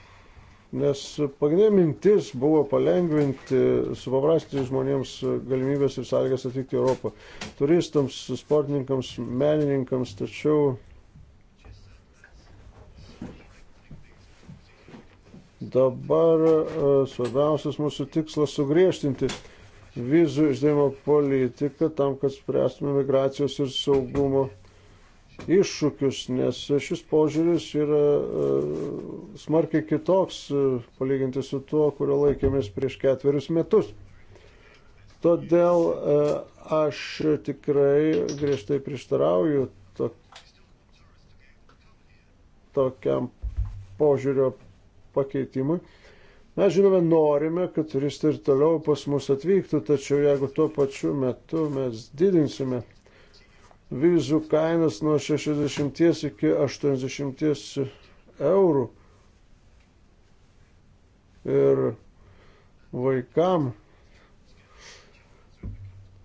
Nes pagrindinė mintis buvo palengvinti, supaprastinti žmonėms galimybės ir sąlygas atvykti į Europą. Turistams, sportininkams, menininkams, tačiau dabar e, svarbiausias mūsų tikslas sugriežtinti vizų išdėjimo politiką tam, kad spręstume migracijos ir saugumo iššūkius, nes šis požiūris yra e, smarkiai kitoks e, palyginti su tuo, kurio laikėmės prieš ketverius metus. Todėl e, aš tikrai griežtai prieštarauju to, tokiam požiūrio pakeitimui. Mes žinome, norime, kad turistai ir toliau pas mus atvyktų, tačiau jeigu tuo pačiu metu mes didinsime vizų kainas nuo 60 iki 80 eurų. Ir vaikam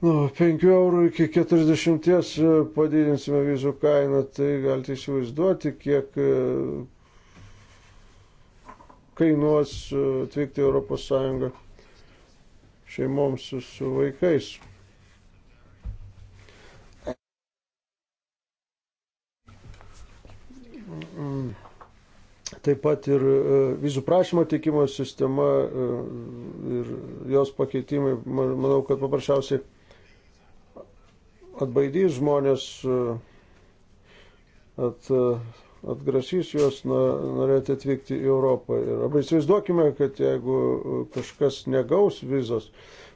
nuo 5 eurų iki 40 padidinsime vizų kainą, tai galite įsivaizduoti, kiek e, kainuos e, atvykti Europos Sąjungą šeimoms su, su vaikais. taip pat ir e, vizų prašymo teikimo sistema e, ir jos pakeitimai, manau, kad paprasčiausiai atbaidys žmonės, e, at, atgrasys juos norėti atvykti į Europą. Ir arba įsivaizduokime, kad jeigu kažkas negaus vizos,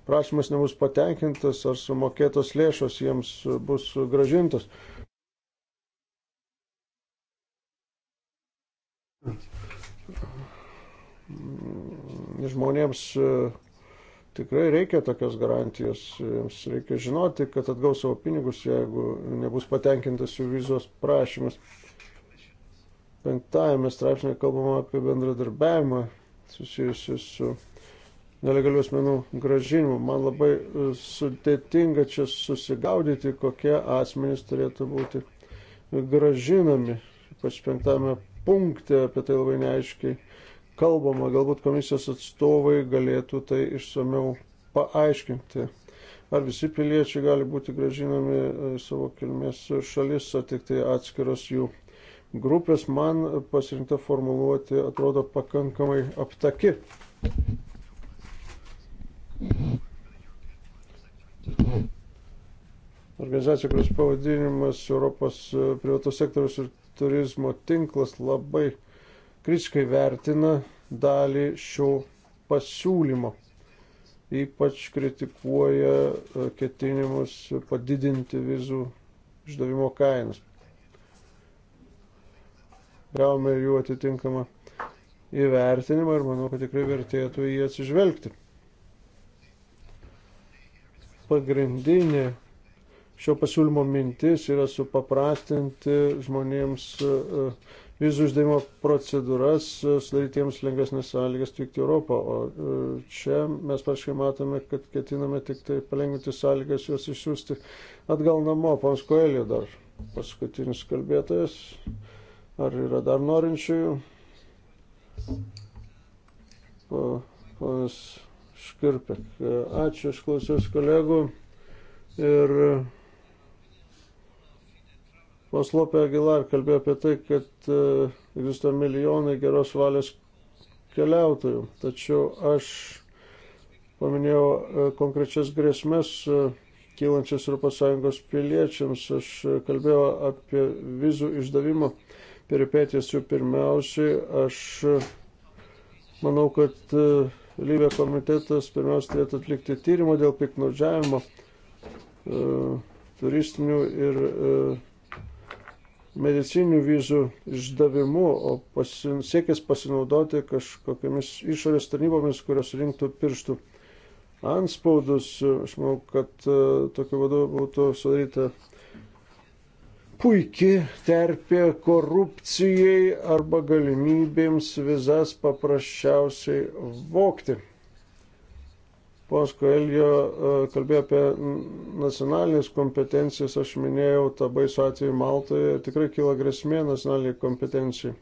prašymas nebus patenkintas ar sumokėtos lėšos jiems bus gražintos. žmonėms e, tikrai reikia tokios garantijos, jiems reikia žinoti, kad atgaus savo pinigus, jeigu nebus patenkintas jų vizos prašymas. Penktajame straipsnėje kalbama apie bendradarbiavimą susijusiu su nelegalių asmenų gražinimu. Man labai e, sudėtinga čia susigaudyti, kokie asmenys turėtų būti gražinami. Ypač penktame punkte apie tai labai neaiškiai kalbama. Galbūt komisijos atstovai galėtų tai išsameu paaiškinti. Ar visi piliečiai gali būti gražinami e, savo kilmės šalis, ar tik tai atskiros jų grupės, man pasirinkta formuluoti atrodo pakankamai aptaki. Organizacija, kurios pavadinimas Europos e, privatos sektoriaus ir turizmo tinklas labai uh, kritiškai vertina dalį šio pasiūlymo. Ypač kritikuoja e, ketinimus padidinti vizų išdavimo kainas. Gavome jų atitinkamą įvertinimą ir manau, kad tikrai vertėtų į jį atsižvelgti. Pagrindinė šio pasiūlymo mintis yra supaprastinti žmonėms e, vizų uždavimo procedūras, e, sudaryti jiems lengvesnės sąlygas vykti į Europą. O e, čia mes paškai matome, kad ketiname tik tai palengvinti sąlygas juos išsiųsti atgal namo. Pons Koelio dar paskutinis kalbėtojas. Ar yra dar norinčiųjų? Ponas Škirpek. Ačiū, išklausiausi kolegų ir Mas Lopė Agilar kalbėjo apie tai, kad e, egzistuoja milijonai geros valios keliautojų. Tačiau aš paminėjau e, konkrečias grėsmės e, kylančias ES piliečiams. Aš kalbėjau apie vizų išdavimo peripetijas jų pirmiausiai. Aš manau, kad Lybė komitetas pirmiausia turėtų atlikti tyrimą dėl piknaudžiavimo turistinių ir medicinių vizų išdavimu, o pasin, siekis pasinaudoti kažkokiamis išorės tarnybomis, kurios rinktų pirštų anspaudus. Aš manau, kad e, tokiu būdu būtų sudaryta puikiai terpė korupcijai arba galimybėms vizas paprasčiausiai vokti. Pons Koelio e, kalbėjo apie nacionalinės kompetencijas, aš minėjau tą baisų atvejį Maltoje, tikrai kyla grėsmė nacionaliniai kompetencijai.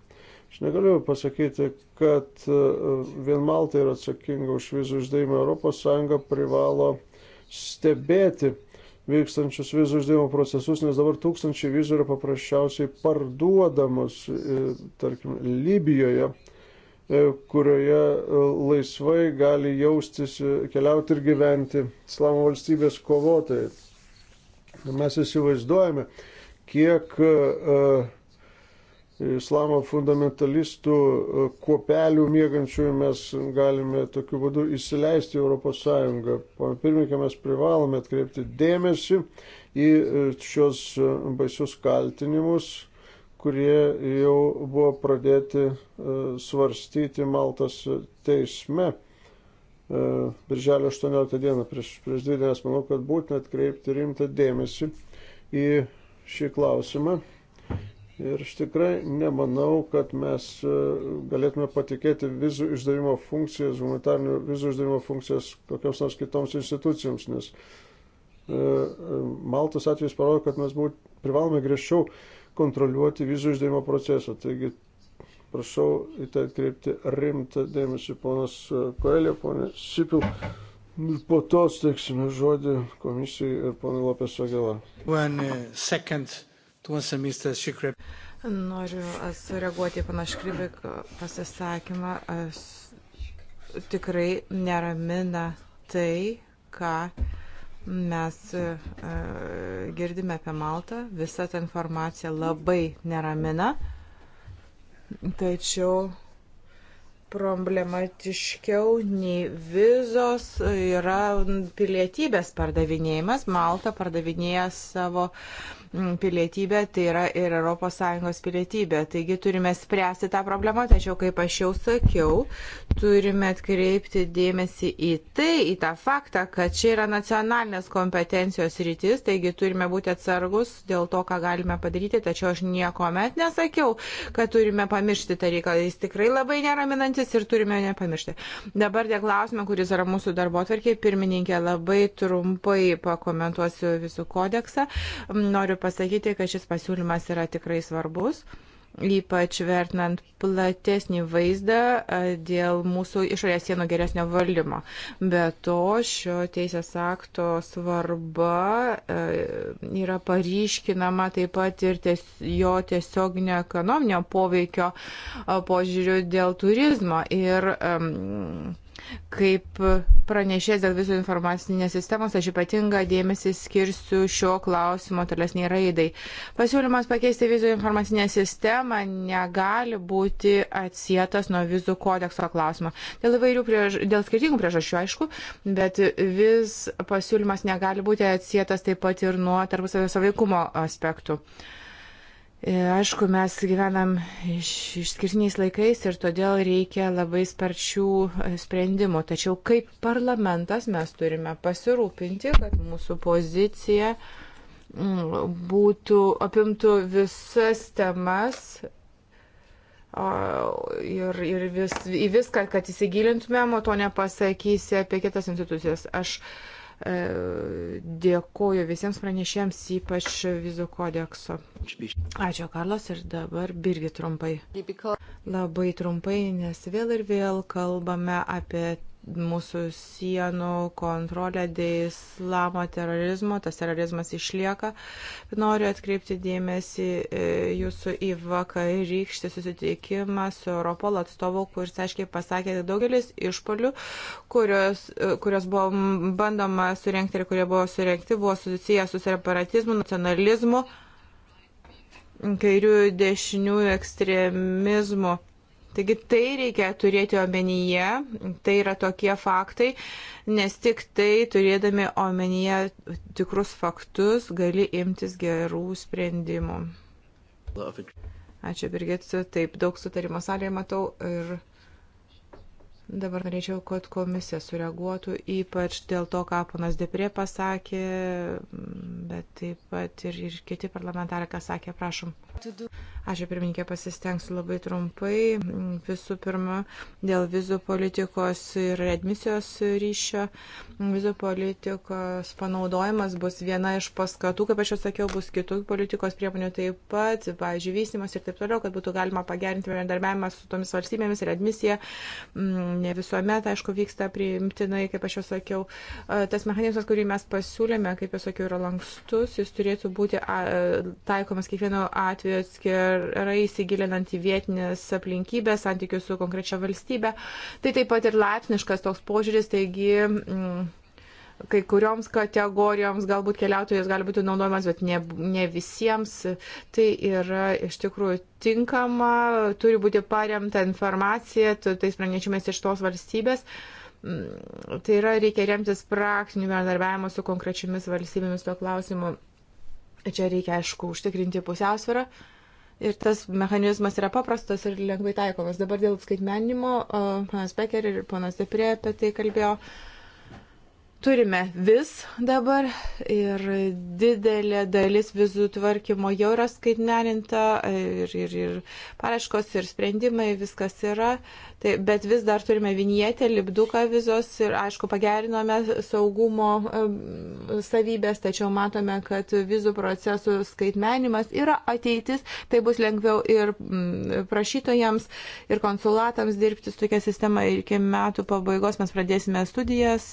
Aš negaliu pasakyti, kad e, vien Malta yra atsakinga už vizų išdavimą, ES privalo stebėti vykstančius vizų išdavimo procesus, nes dabar tūkstančiai vizų yra paprasčiausiai parduodamos, e, tarkim, Libijoje E, kurioje e, laisvai gali jaustis, e, keliauti ir gyventi islamo valstybės kovotojai. Mes įsivaizduojame, kiek islamo fundamentalistų kopelių mėgančiųjų mes galime tokiu būdu įsileisti į Europos Sąjungą. Pirmininkai, mes privalome atkreipti dėmesį į šios baisius kaltinimus kurie jau buvo pradėti e, svarstyti Maltos teisme. E, birželio 18 dieną, prieš, prieš dvi dienas, manau, kad būtina atkreipti rimtą dėmesį į šį klausimą. Ir aš tikrai nemanau, kad mes e, galėtume patikėti vizų išdavimo funkcijas, humanitarnių vizų išdavimo funkcijas kokiams nors kitoms institucijoms, nes Maltos atvejs parodo, kad mes būt, privalome griežčiau kontroliuoti vizų išdėjimo procesą. Taigi prašau į tai atkreipti rimtą dėmesį, ponas Koelė, ponė Sipil. Ir po to steiksime žodį komisijai ir ponai Lopės Agela. Uh, Noriu uh, sureaguoti panaškrybį uh, pasisakymą. As, tikrai neramina tai, ką uh, Mes e, girdime apie Maltą, visa ta informacija labai neramina, tačiau problematiškiau nei vizos yra pilietybės pardavinėjimas. Malta pardavinėja savo uh, Mm, pilietybę, tai yra ir ES pilietybė. Taigi turime spręsti tą problemą, tačiau, kaip aš jau sakiau, turime atkreipti dėmesį į tai, į tą faktą, kad čia yra nacionalinės kompetencijos rytis, taigi turime būti atsargus dėl to, ką galime padaryti, tačiau aš nieko met nesakiau, kad turime pamiršti tą reikalą. Jis tikrai labai neraminantis ir turime nepamiršti. Dabar dėl klausimą, kuris yra mūsų darbo atverkiai, pirmininkė labai trumpai pakomentuosiu visų kodeksą. Noriu pasakyti, kad šis pasiūlymas yra tikrai svarbus, ypač vertinant platesnį vaizdą dėl mūsų išorės sienų geresnio valdymo. Be to, šio teisės akto svarba yra paryškinama taip pat ir ties, jo tiesioginio ekonominio poveikio požiūriu dėl turizmo. Ir, um, Kaip pranešės dėl visų informacinės sistemos, aš ypatingą dėmesį skirsiu šio klausimo tolesniai raidai. Pasiūlymas pakeisti vizų informacinę sistemą negali būti atsietas nuo vizų kodekso klausimo. Dėl, priež... dėl skirtingų priežasčių, aišku, bet vis pasiūlymas negali būti atsietas taip pat ir nuo tarpusavio saveikumo aspektų. Uh, E, aišku, mes gyvenam iš, išskirtiniais laikais ir todėl reikia labai sparčių e, sprendimų. Tačiau kaip parlamentas mes turime pasirūpinti, kad mūsų pozicija mm, būtų, apimtų visas temas ir, ir vis, į viską, kad įsigilintumėm, o to nepasakysi apie kitas institucijas. Aš uh, E, Dėkuoju visiems pranešėjams, ypač vizų kodekso. Ačiū, Karlos, ir dabar irgi trumpai. Labai trumpai, nes vėl ir vėl kalbame apie mūsų sienų kontrolę dėl islamo terorizmo, tas terorizmas išlieka. Noriu atkreipti dėmesį e, jūsų į vakarykštį susitikimą su Europol atstovu, kuris aiškiai pasakė, kad daugelis išpolių, kurios, e, kurios buvo bandoma surenkti ir kurie buvo surenkti, buvo susiję su separatizmu, nacionalizmu, kairių dešinių ekstremizmu Taigi tai reikia turėti omenyje, tai yra tokie faktai, nes tik tai turėdami omenyje tikrus faktus gali imtis gerų sprendimų. Ačiū, Birgit, taip daug sutarimo salėje matau ir Dabar norėčiau, kad komisija sureaguotų, ypač dėl to, ką ponas Deprė pasakė, bet taip pat ir, ir kiti parlamentarai, ką sakė, prašom. Aš, pirmininkė, pasistengsiu labai trumpai. Visų pirma, dėl vizų politikos ir admisijos ryšio. Vizų politikos panaudojimas bus viena iš paskatų, kaip aš jau sakiau, bus kitų politikos priemonių taip pat, pavyzdžiui, vystimas ir taip toliau, kad būtų galima pagerinti bendarbiavimą su tomis valstybėmis ir admisiją mm, ne visuomet, aišku, vyksta priimtinai, kaip aš jau sakiau. Tas mechanizmas, kurį mes pasiūlėme, kaip jau sakiau, yra lankstus, jis turėtų būti taikomas kiekvieno atveju atskirai įsigilinant į vietinės aplinkybės, santykius su konkrečia valstybe. Tai taip pat ir latiniškas toks požiūris, taigi. Mm, kai kurioms kategorijoms galbūt keliautojas gali būti naudojamas, bet ne, ne visiems. Tai yra iš tikrųjų tinkama, turi būti paremta informacija tais pranešimais iš tos valstybės. Mm, tai yra reikia remtis praktiniu bendarbiavimu su konkrečiamis valstybėmis tuo klausimu. Čia reikia, aišku, užtikrinti pusiausvyrą. Ir tas mechanizmas yra paprastas ir lengvai taikomas. Dabar dėl skaitmenimo, uh, panas Becker ir panas Deprė apie tai kalbėjo. Uh, Turime vis dabar ir didelė dalis vizų tvarkymo jau yra skaitmeninta ir, ir, ir paraškos ir sprendimai, viskas yra. Tai, bet vis dar turime vinietę, lipduką vizos ir aišku pagerinome saugumo savybės, tačiau matome, kad vizų procesų skaitmenimas yra ateitis, tai bus lengviau ir prašytojams, ir konsulatams dirbti su tokia sistema. Ir iki metų pabaigos mes pradėsime studijas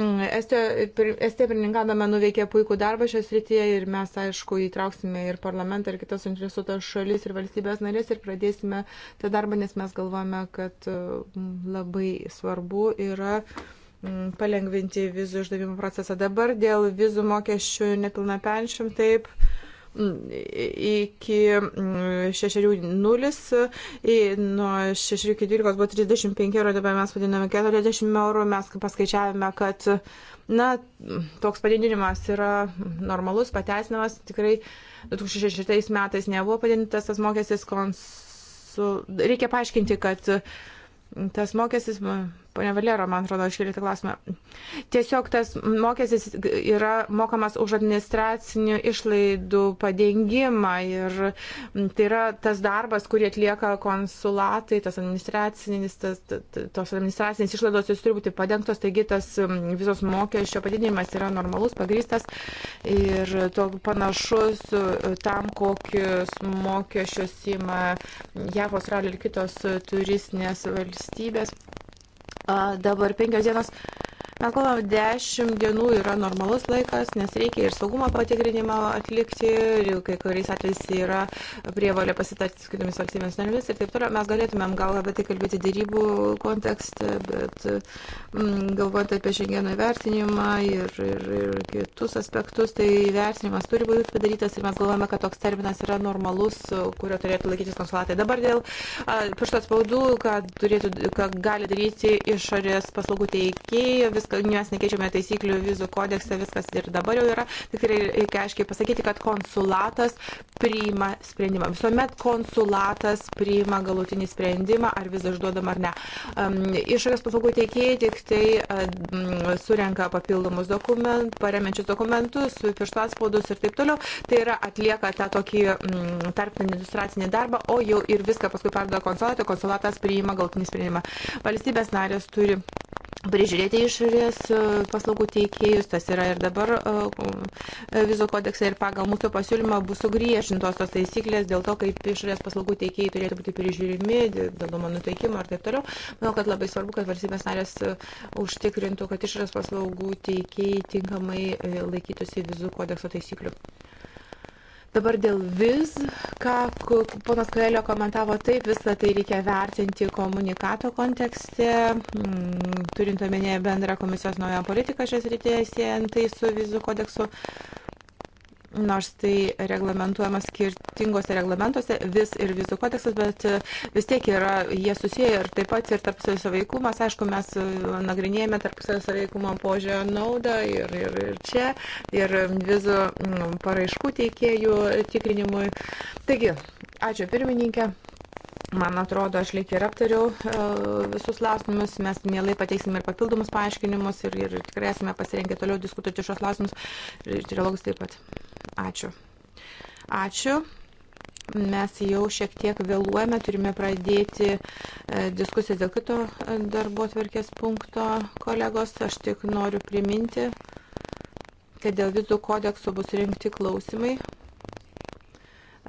Mm, Estija pirmininkavime nuveikė puikų darbą šios rytyje ir mes, aišku, įtrauksime ir parlamentą, ir kitas interesuotas šalis, ir valstybės narės ir pradėsime tą darbą, nes mes galvojame, kad mm, labai svarbu yra mm, palengvinti vizų išdavimo procesą. Dabar dėl vizų mokesčių nepilnapenčiam taip. Uh, iki 6,0, mm, nuo 6 iki 12 buvo 35 eurų, dabar mes padidiname 40 eurų, mes paskaičiavome, kad na, toks padidinimas yra normalus, pateisinamas, tikrai 2006 metais nebuvo padidintas tas mokestis, konsul... reikia paaiškinti, kad tas mokestis Pone Valero, man atrodo, iškelite klausimą. Tiesiog tas mokestis yra mokamas už administracinių išlaidų padengimą ir tai yra tas darbas, kurį atlieka konsulatai, tas administracinis, tas, tos administracinės išlaidos jos turi būti padengtos, taigi tas visos mokesčio padidinimas yra normalus, pagrįstas ir to panašus e, tam, kokius mokesčius ima JAV, Australija ir kitos turistinės valstybės dabar penkios dienos Mes galvojame, 10 dienų yra normalus laikas, nes reikia ir saugumo patikrinimą atlikti, ir kai kuriais atvejais yra prievalė pasitarti su kitomis valstybėmis narėmis ir taip toliau. Mes galėtumėm gal apie tai kalbėti dėrybų kontekste, bet mm, galvojant apie šiandieno įvertinimą ir, ir, ir kitus aspektus, tai įvertinimas turi būti padarytas ir mes galvojame, kad toks terminas yra normalus, kurio turėtų laikytis konsulatai. Dabar dėl pirštų atspaudų, ką, turėtų, ką gali daryti išorės paslaugų teikėjai viskas, nu, mes nekeičiame taisyklių, vizų kodeksą, viskas ir dabar jau yra. Tik reikia aiškiai pasakyti, kad konsulatas priima sprendimą. Visuomet konsulatas priima galutinį sprendimą, ar vizą išduodama ar ne. Išorės paslaugų teikėjai tik tai surenka papildomus dokumentus, paremenčius dokumentus, pirštų atspaudus ir taip toliau. Tai yra atlieka tą tokį tarptinį administracinį darbą, o jau ir viską paskui perduoda konsulatui, konsulatas priima galutinį sprendimą. Valstybės narės turi prižiūrėti išorės e, paslaugų teikėjus, tas yra ir dabar e, e, vizų kodeksai ir pagal mūsų pasiūlymą bus sugriežintos tos taisyklės dėl to, kaip išorės paslaugų teikėjai turėtų būti prižiūrimi, dėl duomenų teikimo ir taip toliau. Manau, kad labai svarbu, kad valstybės narės užtikrintų, kad išorės paslaugų teikėjai tinkamai laikytųsi vizų kodekso taisyklių. Dabar dėl viz, ką ponas Koelio komentavo taip, visą tai reikia vertinti komunikato kontekste, mm, turint omenyje bendrą komisijos naują politiką šios rytėje, siejant tai su vizų kodeksu nors tai reglamentuojama skirtinguose reglamentuose vis ir vizų kodeksas, bet e, vis tiek yra jie susiję ir taip pat ir tarpusavio saveikumas. Aišku, mes e, nagrinėjame tarpusavio saveikumo požiūrio naudą ir, ir, ir čia, ir vizų paraiškų teikėjų tikrinimui. Taigi, ačiū pirmininkė. Man atrodo, aš lyg ir aptariau e, visus klausimus, mes mielai pateiksime ir papildomus paaiškinimus ir, ir tikrai esame pasirengę toliau diskutuoti šios klausimus ir trilogus taip pat. Ačiū. Ačiū. Mes jau šiek tiek vėluojame, turime pradėti e, diskusiją dėl kito e, darbo atverkės punkto kolegos. Aš tik noriu priminti, kad dėl vizų kodeksų bus rinkti klausimai.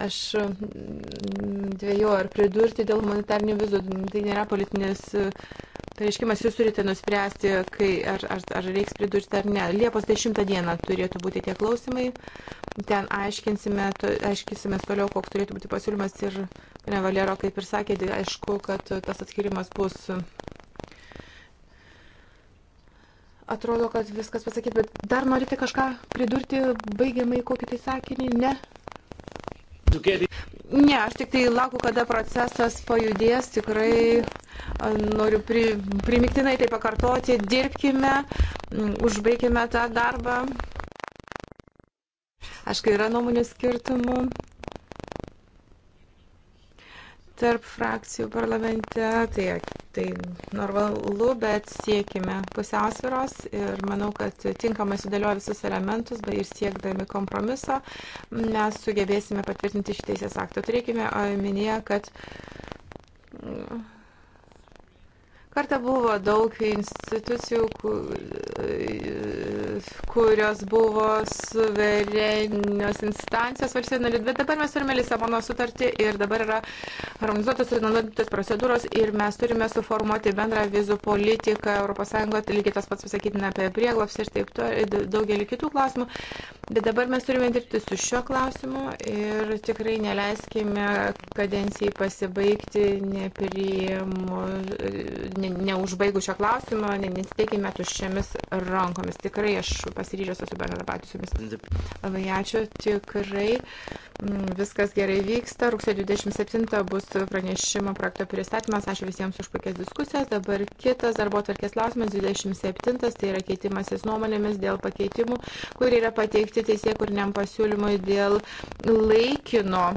Aš mm, dvėju ar pridurti dėl humanitarnių vizų. Tai nėra politinis e, pareiškimas. Jūs turite nuspręsti, kai, ar, ar, ar reiks pridurti ar ne. Liepos 10 dieną turėtų būti tie klausimai. Ten aiškinsime, to, aiškinsime toliau, koks turėtų būti pasiūlymas. Ir, ne Valero, kaip ir sakėte, aišku, kad tas atskirimas bus atrodo, kad viskas pasakyti, bet dar norite kažką pridurti baigiamai kokį tai sakinį? Ne? Ne, aš tik tai laukiu, kada procesas pajudės. Tikrai noriu pri, primiktinai tai pakartoti. Dirbkime, užbaigime tą darbą. Aišku, yra nuomonių skirtumų tarp frakcijų parlamente, tai, tai normalu, bet siekime pusiausviros ir manau, kad tinkamai sudėlioja visus elementus, bet ir siekdami kompromiso mes sugebėsime patvirtinti šį teisės aktą. Turėkime omenyje, kad Kartą buvo daug institucijų, kurios buvo suverenios instancijos valstybė narė, bet dabar mes turime Lisabono sutartį ir dabar yra harmonizuotos ir nuodytos procedūros ir mes turime suformuoti bendrą vizų politiką ES, tai lygiai tas pats pasakytina apie prieglops ir taip to, daugelį kitų klausimų. Bet dabar mes turime dirbti su šiuo klausimu ir tikrai neleiskime kadencijai pasibaigti nepriimu neužbaigus šio klausimo, nesiteikime tuščiamis rankomis. Tikrai aš pasiryžęs esu bendradarbiauti su jumis. Labai ačiū, tikrai mm, viskas gerai vyksta. Rūksė 27 bus pranešimo projekto pristatymas. Ačiū visiems už puikias diskusijas. Dabar kitas darbo tvarkės klausimas 27, tai yra keitimasis nuomonėmis dėl pakeitimų, kur yra pateikti teisė kuriniam pasiūlymui dėl laikino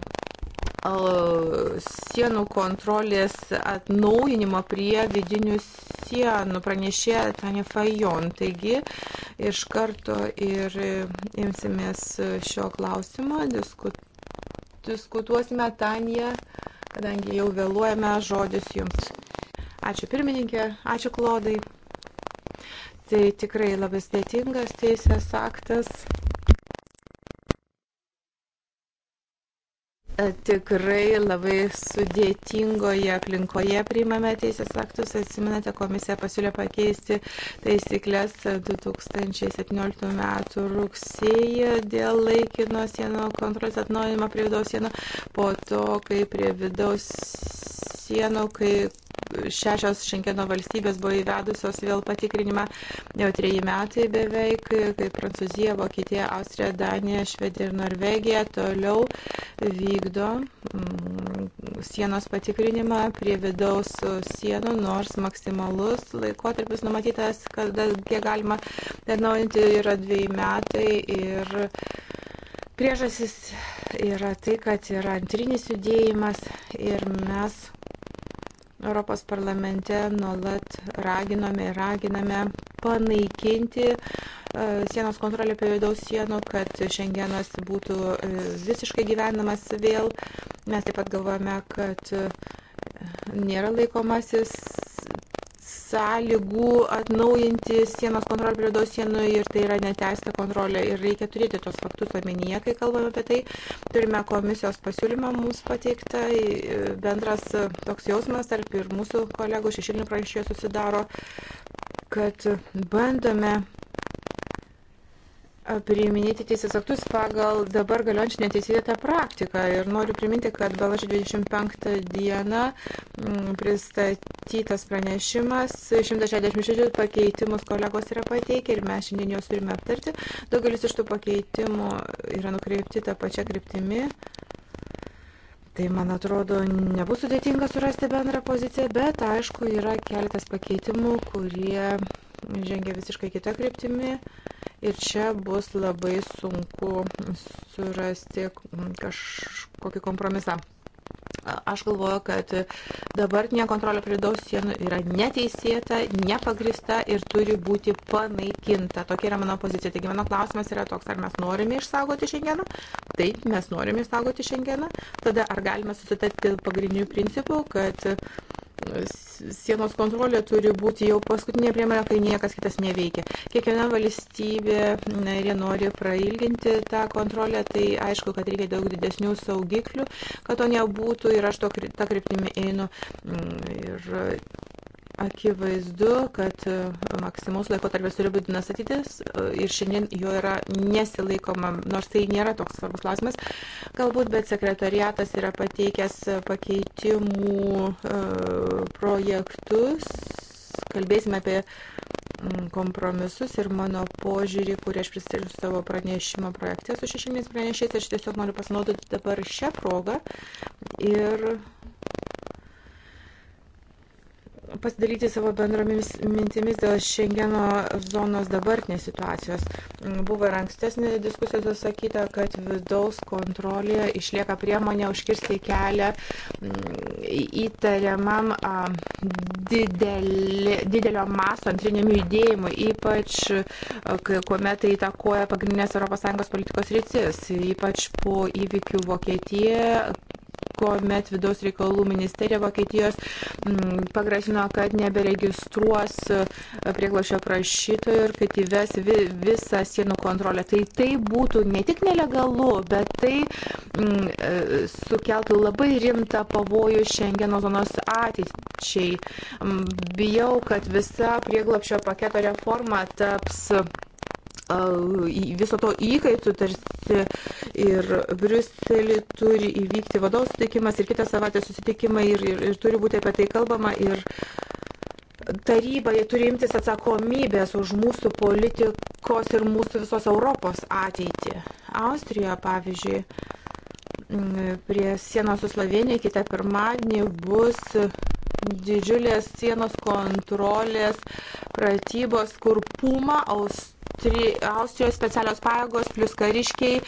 sienų kontrolės atnaujinimo prie vidinių sienų pranešė Tanja Fajon. Taigi iš karto ir imsimės šio klausimo, diskut, diskutuosime Tanja, kadangi jau vėluojame žodis jums. Ačiū pirmininkė, ačiū Klodai. Tai tikrai labai sudėtingas teisės aktas E, tikrai labai sudėtingoje aplinkoje priimame teisės aktus. Atsimenate, komisija pasiūlė pakeisti taisyklės 2017 m. rugsėjį dėl laikino sienų kontrolės atnaujinimo prie vidaus sienų, po to, kai prie vidaus sienų, kai šešios Šengeno valstybės buvo įvedusios vėl patikrinimą jau treji metai beveik, kai Prancūzija, Vokietija, Austrija, Danija, Švedija ir Norvegija toliau vykdo mm, sienos patikrinimą prie vidaus sienų, nors maksimalus laikotarpis numatytas, kada kiek galima atnaujinti yra dviejai metai ir priežasis yra tai, kad yra antrinis judėjimas ir mes Europos parlamente nuolat raginome ir raginame panaikinti e, sienos kontrolę prie vidaus sienų, kad šiandienas būtų e, visiškai gyvenamas vėl. Mes taip pat galvojame, kad e, nėra laikomasi sąlygų atnaujinti sienos kontrolę prie dos sienų ir tai yra neteisėta kontrolė. Ir reikia turėti tos faktus omenyje, kai kalbame apie tai. Turime komisijos pasiūlymą mums pateiktą, bendras toks jausmas tarp ir mūsų kolegų šešilinių pranešėjų susidaro, kad bandome priiminėti teisės aktus pagal dabar galiojančią neteisėtą praktiką. Ir noriu priminti, kad balandžio 25 dieną mm, pristatytas pranešimas, 166 pakeitimus kolegos yra pateikę ir mes šiandien juos turime aptarti. Daugelis iš tų pakeitimų yra nukreipti tą pačią kryptimį. Tai, man atrodo, nebus sudėtinga surasti bendrą poziciją, bet aišku, yra keletas pakeitimų, kurie žengia visiškai kitą kryptimį. Ir čia bus labai sunku surasti kažkokį kompromisą. Aš galvoju, kad dabartinė kontrolė prie vidaus sienų yra neteisėta, nepagrista ir turi būti panaikinta. Tokia yra mano pozicija. Taigi mano klausimas yra toks, ar mes norime išsaugoti šiandieną? Taip, mes norime išsaugoti šiandieną. Tada ar galime susitarti pagrindinių principų, kad sienos kontrolė turi būti jau paskutinė priemonė, kai niekas kitas neveikia. Kiekviena valstybė narė nori prailginti tą kontrolę, tai aišku, kad reikia daug didesnių saugiklių, kad to nebūtų ir aš to, tą kryptimį einu. Mm, ir Akivaizdu, kad e, maksimus laikotarpis turi būti nustatytis e, ir šiandien jo yra nesilaikoma, nors tai nėra toks svarbus klausimas. Galbūt, bet sekretariatas yra pateikęs pakeitimų e, projektus. Kalbėsime apie kompromisus ir mano požiūrį, kurį aš pristatysiu savo pranešimo projekte su šešimtais pranešiais. Aš tiesiog noriu pasinaudoti dabar šią progą ir pasidalyti savo bendromis mintimis dėl Šengeno zonos dabartinės situacijos. Mm, Buvo ir ankstesnė diskusija sakyta, kad vidaus kontrolė išlieka priemonė užkirsti kelią mm, įtariamam didelį, didelio masto antriniam judėjimui, ypač kuomet tai įtakoja pagrindinės ES politikos rytis, ypač po įvykių Vokietijoje, kuomet vidaus reikalų ministerija Vokietijos mm, pagražino, kad neberegistruos e, prieglašio prašytojų ir kad įves vi, visą sienų kontrolę. Tai tai būtų ne tik nelegalu, bet tai m, mm, e, sukeltų labai rimtą pavojų Šengeno zonos ateičiai. Mm, bijau, kad visa prieglapšio paketo reforma taps viso to įkaitų tarsi ir Briuselį turi įvykti vadovų sutikimas ir kitą savaitę susitikimai ir, ir, ir turi būti apie tai kalbama ir taryba turi imtis atsakomybės už mūsų politikos ir mūsų visos Europos ateitį. Austrijoje, pavyzdžiui, prie sienos su Slovenija kitą pirmadienį bus didžiulės sienos kontrolės pratybos, kur Puma, Austrija, tri, Austrijos specialios pajėgos plus kariškiai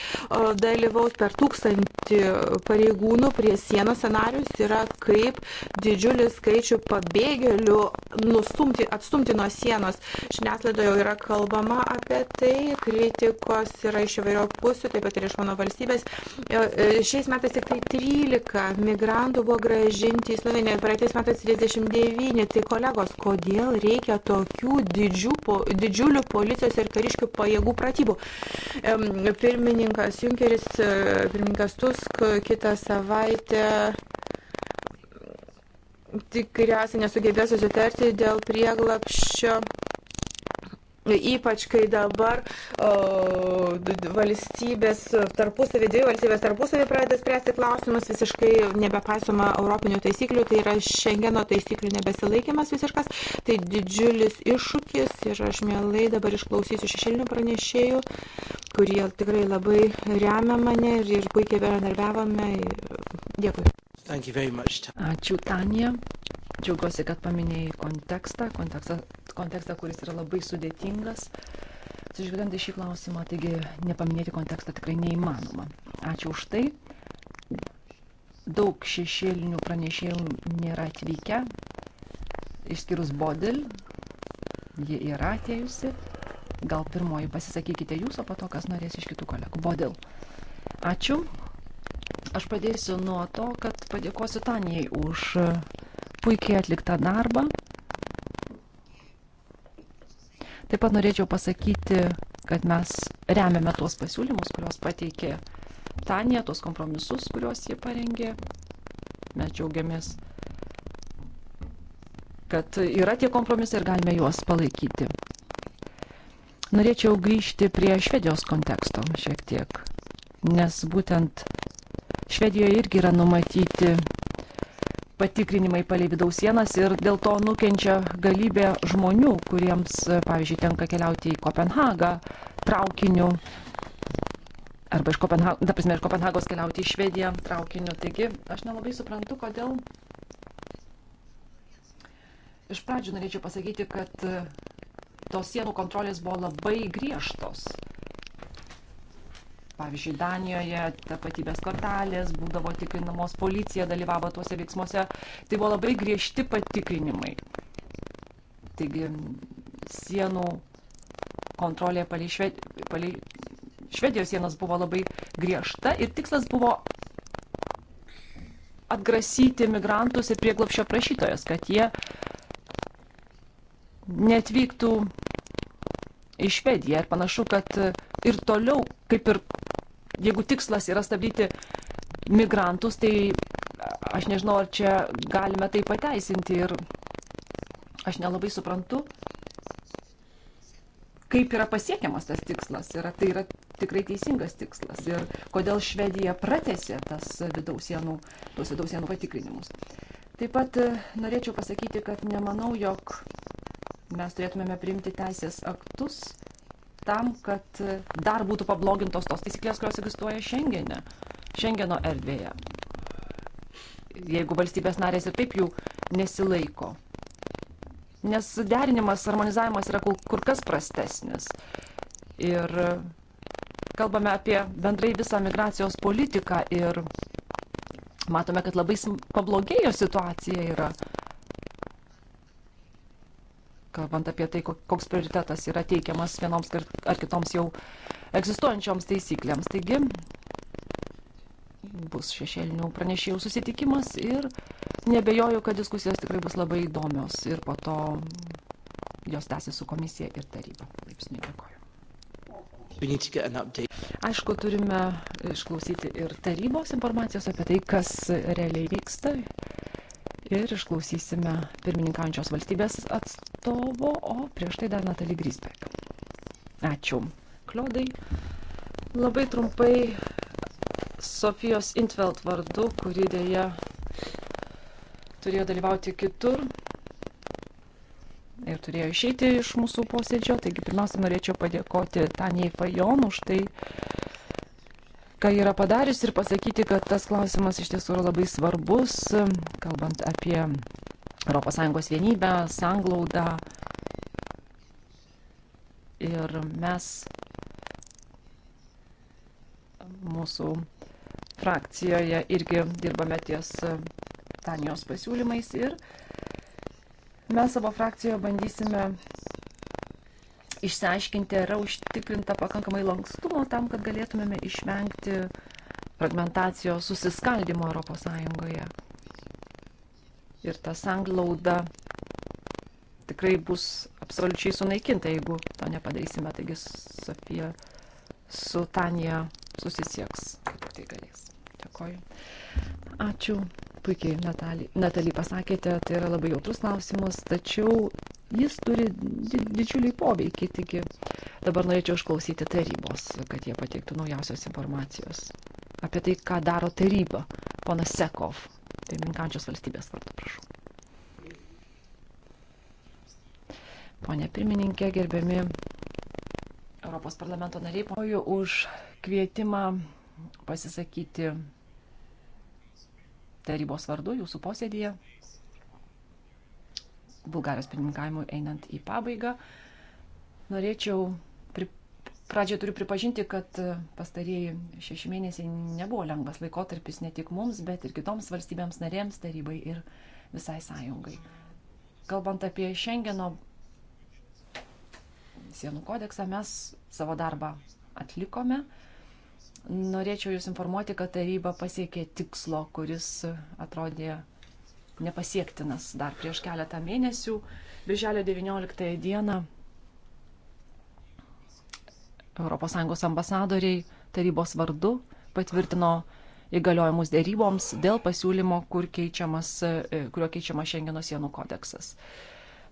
dalyvaus per tūkstantį pareigūnų prie sienos scenarius yra kaip didžiulį skaičių pabėgėlių nustumti, atstumti nuo sienos. Žiniaslaidoje jau yra kalbama apie tai, kritikos yra iš įvairio pusių, taip pat ir iš mano valstybės. E, e, šiais metais tik tai 13 migrantų buvo gražinti į Sloveniją, praeitais metais 39. Tai kolegos, kodėl reikia tokių didžių, po, didžiulių policijos ir ir kariškių pajėgų pratybų. Pirmininkas Junkeris, e, pirmininkas Tusk kitą savaitę tikriausiai nesugebės susitarti dėl prieglapščio Ypač, kai dabar o, valstybės tarpusavį, dvi valstybės tarpusavį pradeda spręsti klausimus, visiškai nebepaisoma europinių taisyklių, tai yra šengeno taisyklių nebesilaikimas visiškas, tai didžiulis iššūkis ir aš mielai dabar išklausysiu šešėlinių pranešėjų, kurie tikrai labai remia mane ir, ir puikiai bendradarbiavome. Dėkui. Ačiū, Tanja. Džiaugiuosi, kad paminėjai kontekstą. Kontekstas kontekstą, kuris yra labai sudėtingas. Atsižvelgiant į šį klausimą, taigi nepaminėti kontekstą tikrai neįmanoma. Ačiū už tai. Daug šešėlinių pranešėjų nėra atvykę, išskyrus Bodil, ji yra atėjusi. Gal pirmoji pasisakykite jūs, o po to, kas norės iš kitų kolegų. Bodil. Ačiū. Aš pradėsiu nuo to, kad padėkosiu Tanijai už puikiai atliktą darbą. Taip pat norėčiau pasakyti, kad mes remiame tuos pasiūlymus, kuriuos pateikė Tanija, tuos kompromisus, kuriuos jie parengė. Mes džiaugiamės, kad yra tie kompromisai ir galime juos palaikyti. Norėčiau grįžti prie Švedijos konteksto šiek tiek, nes būtent Švedijoje irgi yra numatyti patikrinimai palei vidaus sienas ir dėl to nukenčia galybė žmonių, kuriems, pavyzdžiui, tenka keliauti į Kopenhagą traukiniu arba iš, Kopenha da, prasme, iš Kopenhagos keliauti į Švediją traukiniu. Taigi aš nelabai suprantu, kodėl. Iš pradžių norėčiau pasakyti, kad tos sienų kontrolės buvo labai griežtos. Pavyzdžiui, Danijoje tapatybės kortelės būdavo tikrinamos, policija dalyvavo tuose veiksmuose. Tai buvo labai griežti patikrinimai. Taigi sienų kontrolė palei, šved... palei Švedijos sienas buvo labai griežta ir tikslas buvo atgrasyti migrantus ir prieglopšio prašytojas, kad jie netvyktų į Švediją. Ir panašu, kad e, ir toliau, kaip ir jeigu tikslas yra stabdyti migrantus, tai aš nežinau, ar čia galime tai pateisinti. Ir aš nelabai suprantu, kaip yra pasiekiamas tas tikslas. Yra, tai yra tikrai teisingas tikslas. Ir kodėl Švedija pratėsi tas vidaus sienų, tuos vidaus sienų patikrinimus. Taip pat e, norėčiau pasakyti, kad nemanau, jog mes turėtumėme priimti teisės aktus tam, kad dar būtų pablogintos tos taisyklės, kurios egzistuoja Šengene, Šengeno erdvėje. Jeigu valstybės narės ir taip jų nesilaiko. Nes derinimas, harmonizavimas yra kur kas prastesnis. Ir kalbame apie bendrai visą migracijos politiką ir matome, kad labai pablogėjo situacija yra kalbant apie tai, koks prioritetas yra teikiamas vienoms ar kitoms jau egzistuojančioms taisyklėms. Taigi bus šešėlinių pranešėjų susitikimas ir nebejoju, kad diskusijos tikrai bus labai įdomios ir po to jos tęsi su komisija ir taryba. Laipsniui dėkoju. Aišku, turime išklausyti ir tarybos informacijos apie tai, kas realiai vyksta ir išklausysime pirmininkaujančios valstybės atstovo, o prieš tai dar Natalį Grisbek. Ačiū. Klodai. Labai trumpai Sofijos Intveld vardu, kuri dėja turėjo dalyvauti kitur ir turėjo išeiti iš mūsų posėdžio. Taigi pirmiausia, norėčiau padėkoti Tanijai Fajon už tai, ką yra padarius ir pasakyti, kad tas klausimas iš tiesų yra labai svarbus, kalbant apie ES vienybę, sanglaudą. Ir mes, mūsų frakcijoje, irgi dirbame ties Tanijos pasiūlymais ir mes savo frakcijoje bandysime išsiaiškinti, ar yra užtikrinta pakankamai lankstumo tam, kad galėtumėme išvengti fragmentacijos susiskaldimo ES. Ir ta sanglauda tikrai bus absoliučiai sunaikinta, jeigu to nepadarysime. Taigi Sofija su Tanija susisieks, kaip tai galės. Dėkoju. Ačiū puikiai Natalį pasakėte, tai yra labai jautrus klausimas, tačiau jis turi didžiulį poveikį, taigi dabar norėčiau išklausyti tarybos, kad jie pateiktų naujausios informacijos apie tai, ką daro taryba, ponas Sekov, tai minkančios valstybės vardu, prašau. Pone pirmininkė, gerbiami Europos parlamento nariai, poju už kvietimą pasisakyti tarybos vardu jūsų posėdėje. Bulgarijos pirmininkavimui einant į pabaigą. Norėčiau, pri, pradžioje turiu pripažinti, kad e, pastarieji šeši mėnesiai nebuvo lengvas laikotarpis ne tik mums, bet ir kitoms valstybėms narėms, tarybai ir visai sąjungai. Kalbant apie Šengeno sienų kodeksą, mes savo darbą atlikome. Norėčiau Jūs informuoti, kad taryba pasiekė tikslo, kuris atrodė nepasiektinas. Dar prieš keletą mėnesių, birželio 19 dieną, ES ambasadoriai tarybos vardu patvirtino įgaliojimus dėryboms dėl pasiūlymo, kur keičiamas, e, kurio keičiamas Šengeno sienų kodeksas,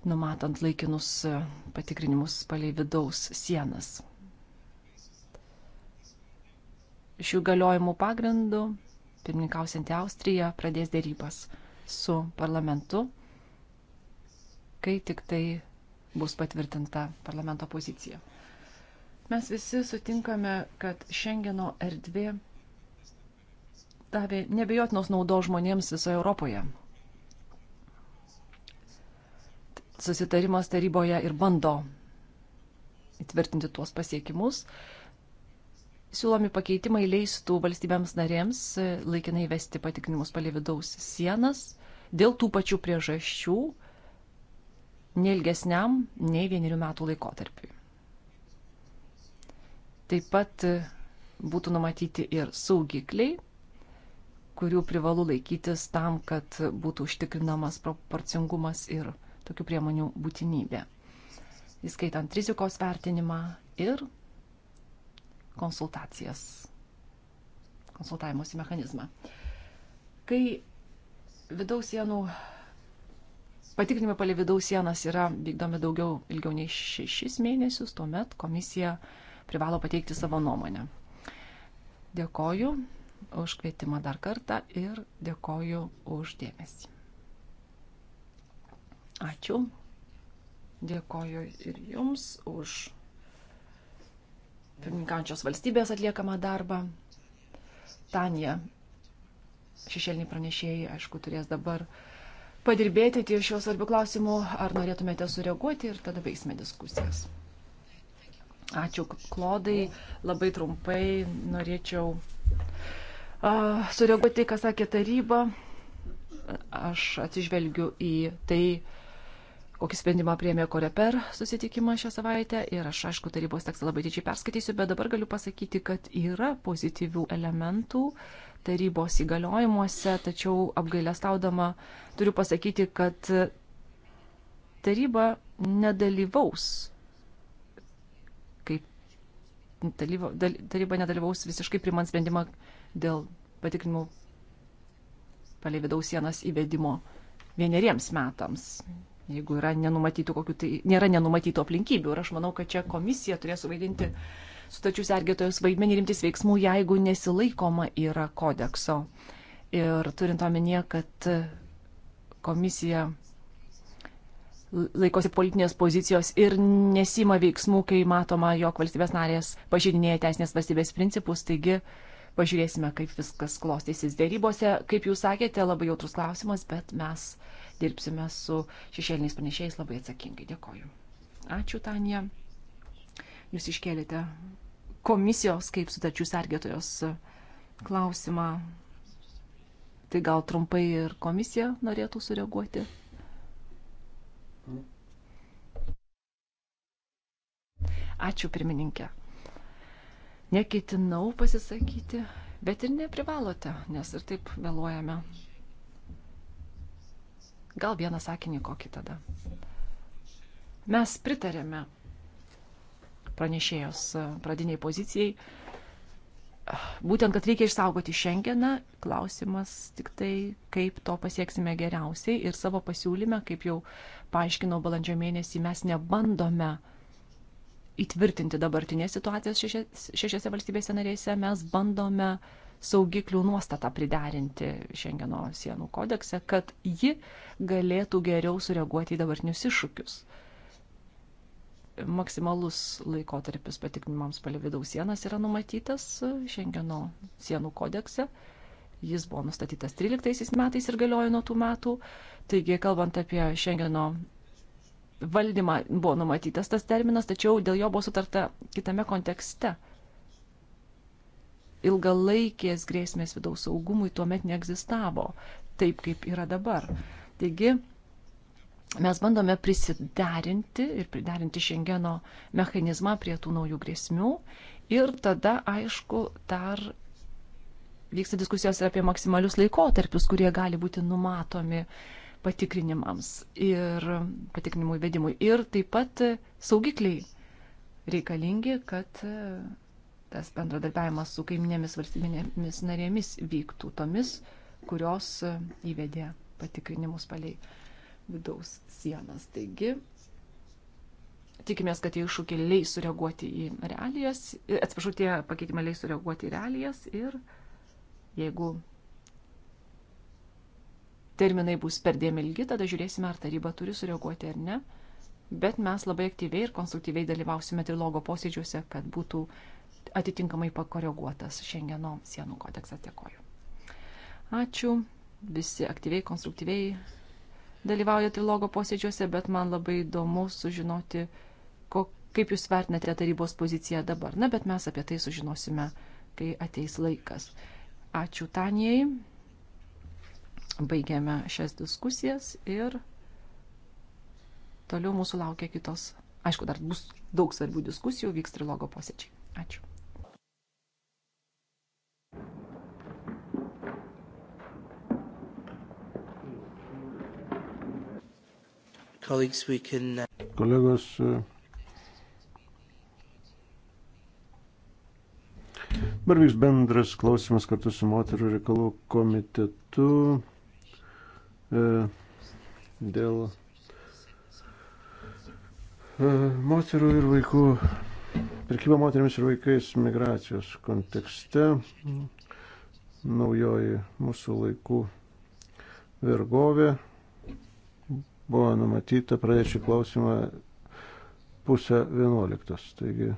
numatant laikinus e, patikrinimus palei vidaus sienas. Šių galiojimų pagrindų pirmininkausianti Austrija pradės dėrybas su parlamentu, kai tik tai bus patvirtinta parlamento pozicija. Mes visi sutinkame, kad Šengeno erdvė davė nebejotinos naudos žmonėms visoje Europoje. Susitarimas taryboje ir bando įtvirtinti tuos pasiekimus siūlomi pakeitimai leistų valstybėms narėms e, laikinai vesti patikrinimus palie vidaus sienas dėl tų pačių priežasčių neilgesniam nei vienerių metų laikotarpiui. Taip pat e, būtų numatyti ir saugikliai, kurių privalu laikytis tam, kad būtų užtikrinamas proporcingumas ir tokių priemonių būtinybė, įskaitant rizikos vertinimą ir konsultacijas, konsultavimosi mechanizmą. Kai vidaus sienų patikrinimai palei vidaus sienas yra vykdomi daugiau ilgiau nei šešis mėnesius, tuomet komisija privalo pateikti savo nuomonę. Dėkoju už kvietimą dar kartą ir dėkoju už dėmesį. Ačiū. Dėkoju ir jums už pirmininkančios valstybės atliekamą darbą. Tanja, šešėliniai pranešėjai, aišku, turės dabar padirbėti ties šiuo svarbiu klausimu. Ar norėtumėte sureaguoti ir tada baigsime diskusijas. Ačiū, Klodai. Labai trumpai norėčiau uh, sureaguoti, ką sakė taryba. Aš atsižvelgiu į tai, uh, kokį sprendimą priemė Koreper susitikimą šią savaitę ir aš, aišku, tarybos tekstą labai didžiai perskaitysiu, bet dabar galiu pasakyti, kad yra pozityvių elementų tarybos įgaliojimuose, tačiau apgailestaudama turiu pasakyti, kad taryba nedalyvaus, kaip taryba, taryba nedalyvaus visiškai primant sprendimą dėl patikrinimų palei vidaus sienas įvedimo vieneriems metams jeigu yra nenumatytų kokių tai, nėra nenumatytų aplinkybių. Ir aš manau, kad čia komisija turės suvaidinti sutarčių sergėtojus vaidmenį rimtis veiksmų, jeigu nesilaikoma yra kodekso. Ir turint omenyje, kad komisija laikosi politinės pozicijos ir nesima veiksmų, kai matoma, jog valstybės narės pažydinėja teisinės valstybės principus, taigi pažiūrėsime, kaip viskas klostysis dėrybose. Kaip jūs sakėte, labai jautrus klausimas, bet mes uh, dirbsime su šešėliniais pranešėjais labai atsakingai. Dėkoju. Ačiū, Tanija. Jūs iškėlėte komisijos kaip sutarčių sergėtojos klausimą. Tai gal trumpai ir komisija norėtų sureaguoti? Ačiū, pirmininkė. Neketinau pasisakyti, bet ir neprivalote, nes ir taip vėluojame. Gal vieną sakinį kokį tada. Mes pritarėme pranešėjos pradiniai pozicijai. Būtent, kad reikia išsaugoti šiandieną, klausimas tik tai, kaip to pasieksime geriausiai ir savo pasiūlyme, kaip jau paaiškinau balandžio mėnesį, mes nebandome įtvirtinti dabartinės situacijos šešiose valstybėse narėse, mes bandome uh, saugiklių nuostatą priderinti Šengeno sienų kodekse, kad ji galėtų geriau sureaguoti į dabartinius iššūkius. Maksimalus laikotarpis patikrinimams palei vidaus sienas yra numatytas Šengeno sienų kodekse. Jis buvo nustatytas 13 metais ir galiojo nuo tų metų. Taigi, kalbant apie Šengeno valdymą, buvo numatytas tas terminas, tačiau dėl jo buvo sutarta kitame kontekste ilgalaikės grėsmės vidaus saugumui tuomet neegzistavo taip, kaip yra dabar. Taigi, mes bandome prisiderinti ir priderinti Šengeno mechanizmą prie tų naujų grėsmių ir tada, aišku, dar vyksta diskusijos ir apie maksimalius laikotarpius, kurie gali būti numatomi patikrinimams ir patikrinimų įvedimui. Ir taip pat saugikliai reikalingi, kad tas bendradarbiavimas su kaiminėmis valstybinėmis narėmis vyktų tomis, kurios e, įvedė patikrinimus paliai vidaus sienas. Taigi, tikimės, kad tie iššūkiai leis sureaguoti į realijas, e, atsiprašau, tie pakeitimai leis sureaguoti į realijas ir jeigu terminai bus perdėm ilgi, tada žiūrėsime, ar taryba turi sureaguoti ar ne. Bet mes labai aktyviai ir konstruktyviai dalyvausime trilogo posėdžiuose, kad būtų atitinkamai pakoreguotas Šengeno sienų kodeksas. Dėkoju. Ačiū. Visi aktyviai, konstruktyviai dalyvauja trilogo posėdžiuose, bet man labai įdomu sužinoti, ko, kaip jūs vertinate tarybos poziciją dabar. Na, bet mes apie tai sužinosime, kai ateis laikas. Ačiū Tanijai. Baigiame šias diskusijas ir toliau mūsų laukia kitos. Aišku, dar bus daug svarbių diskusijų, vyks trilogo posėdžiai. Ačiū. Uh, Kolegos, e, dabar vyks bendras klausimas kartu su moterų reikalų komitetu e, dėl e, moterų ir vaikų, pirkybą moteriamis ir vaikais migracijos kontekste naujoji mūsų laikų vergovė buvo numatyta pradėti klausimą pusę vienuoliktos. Taigi.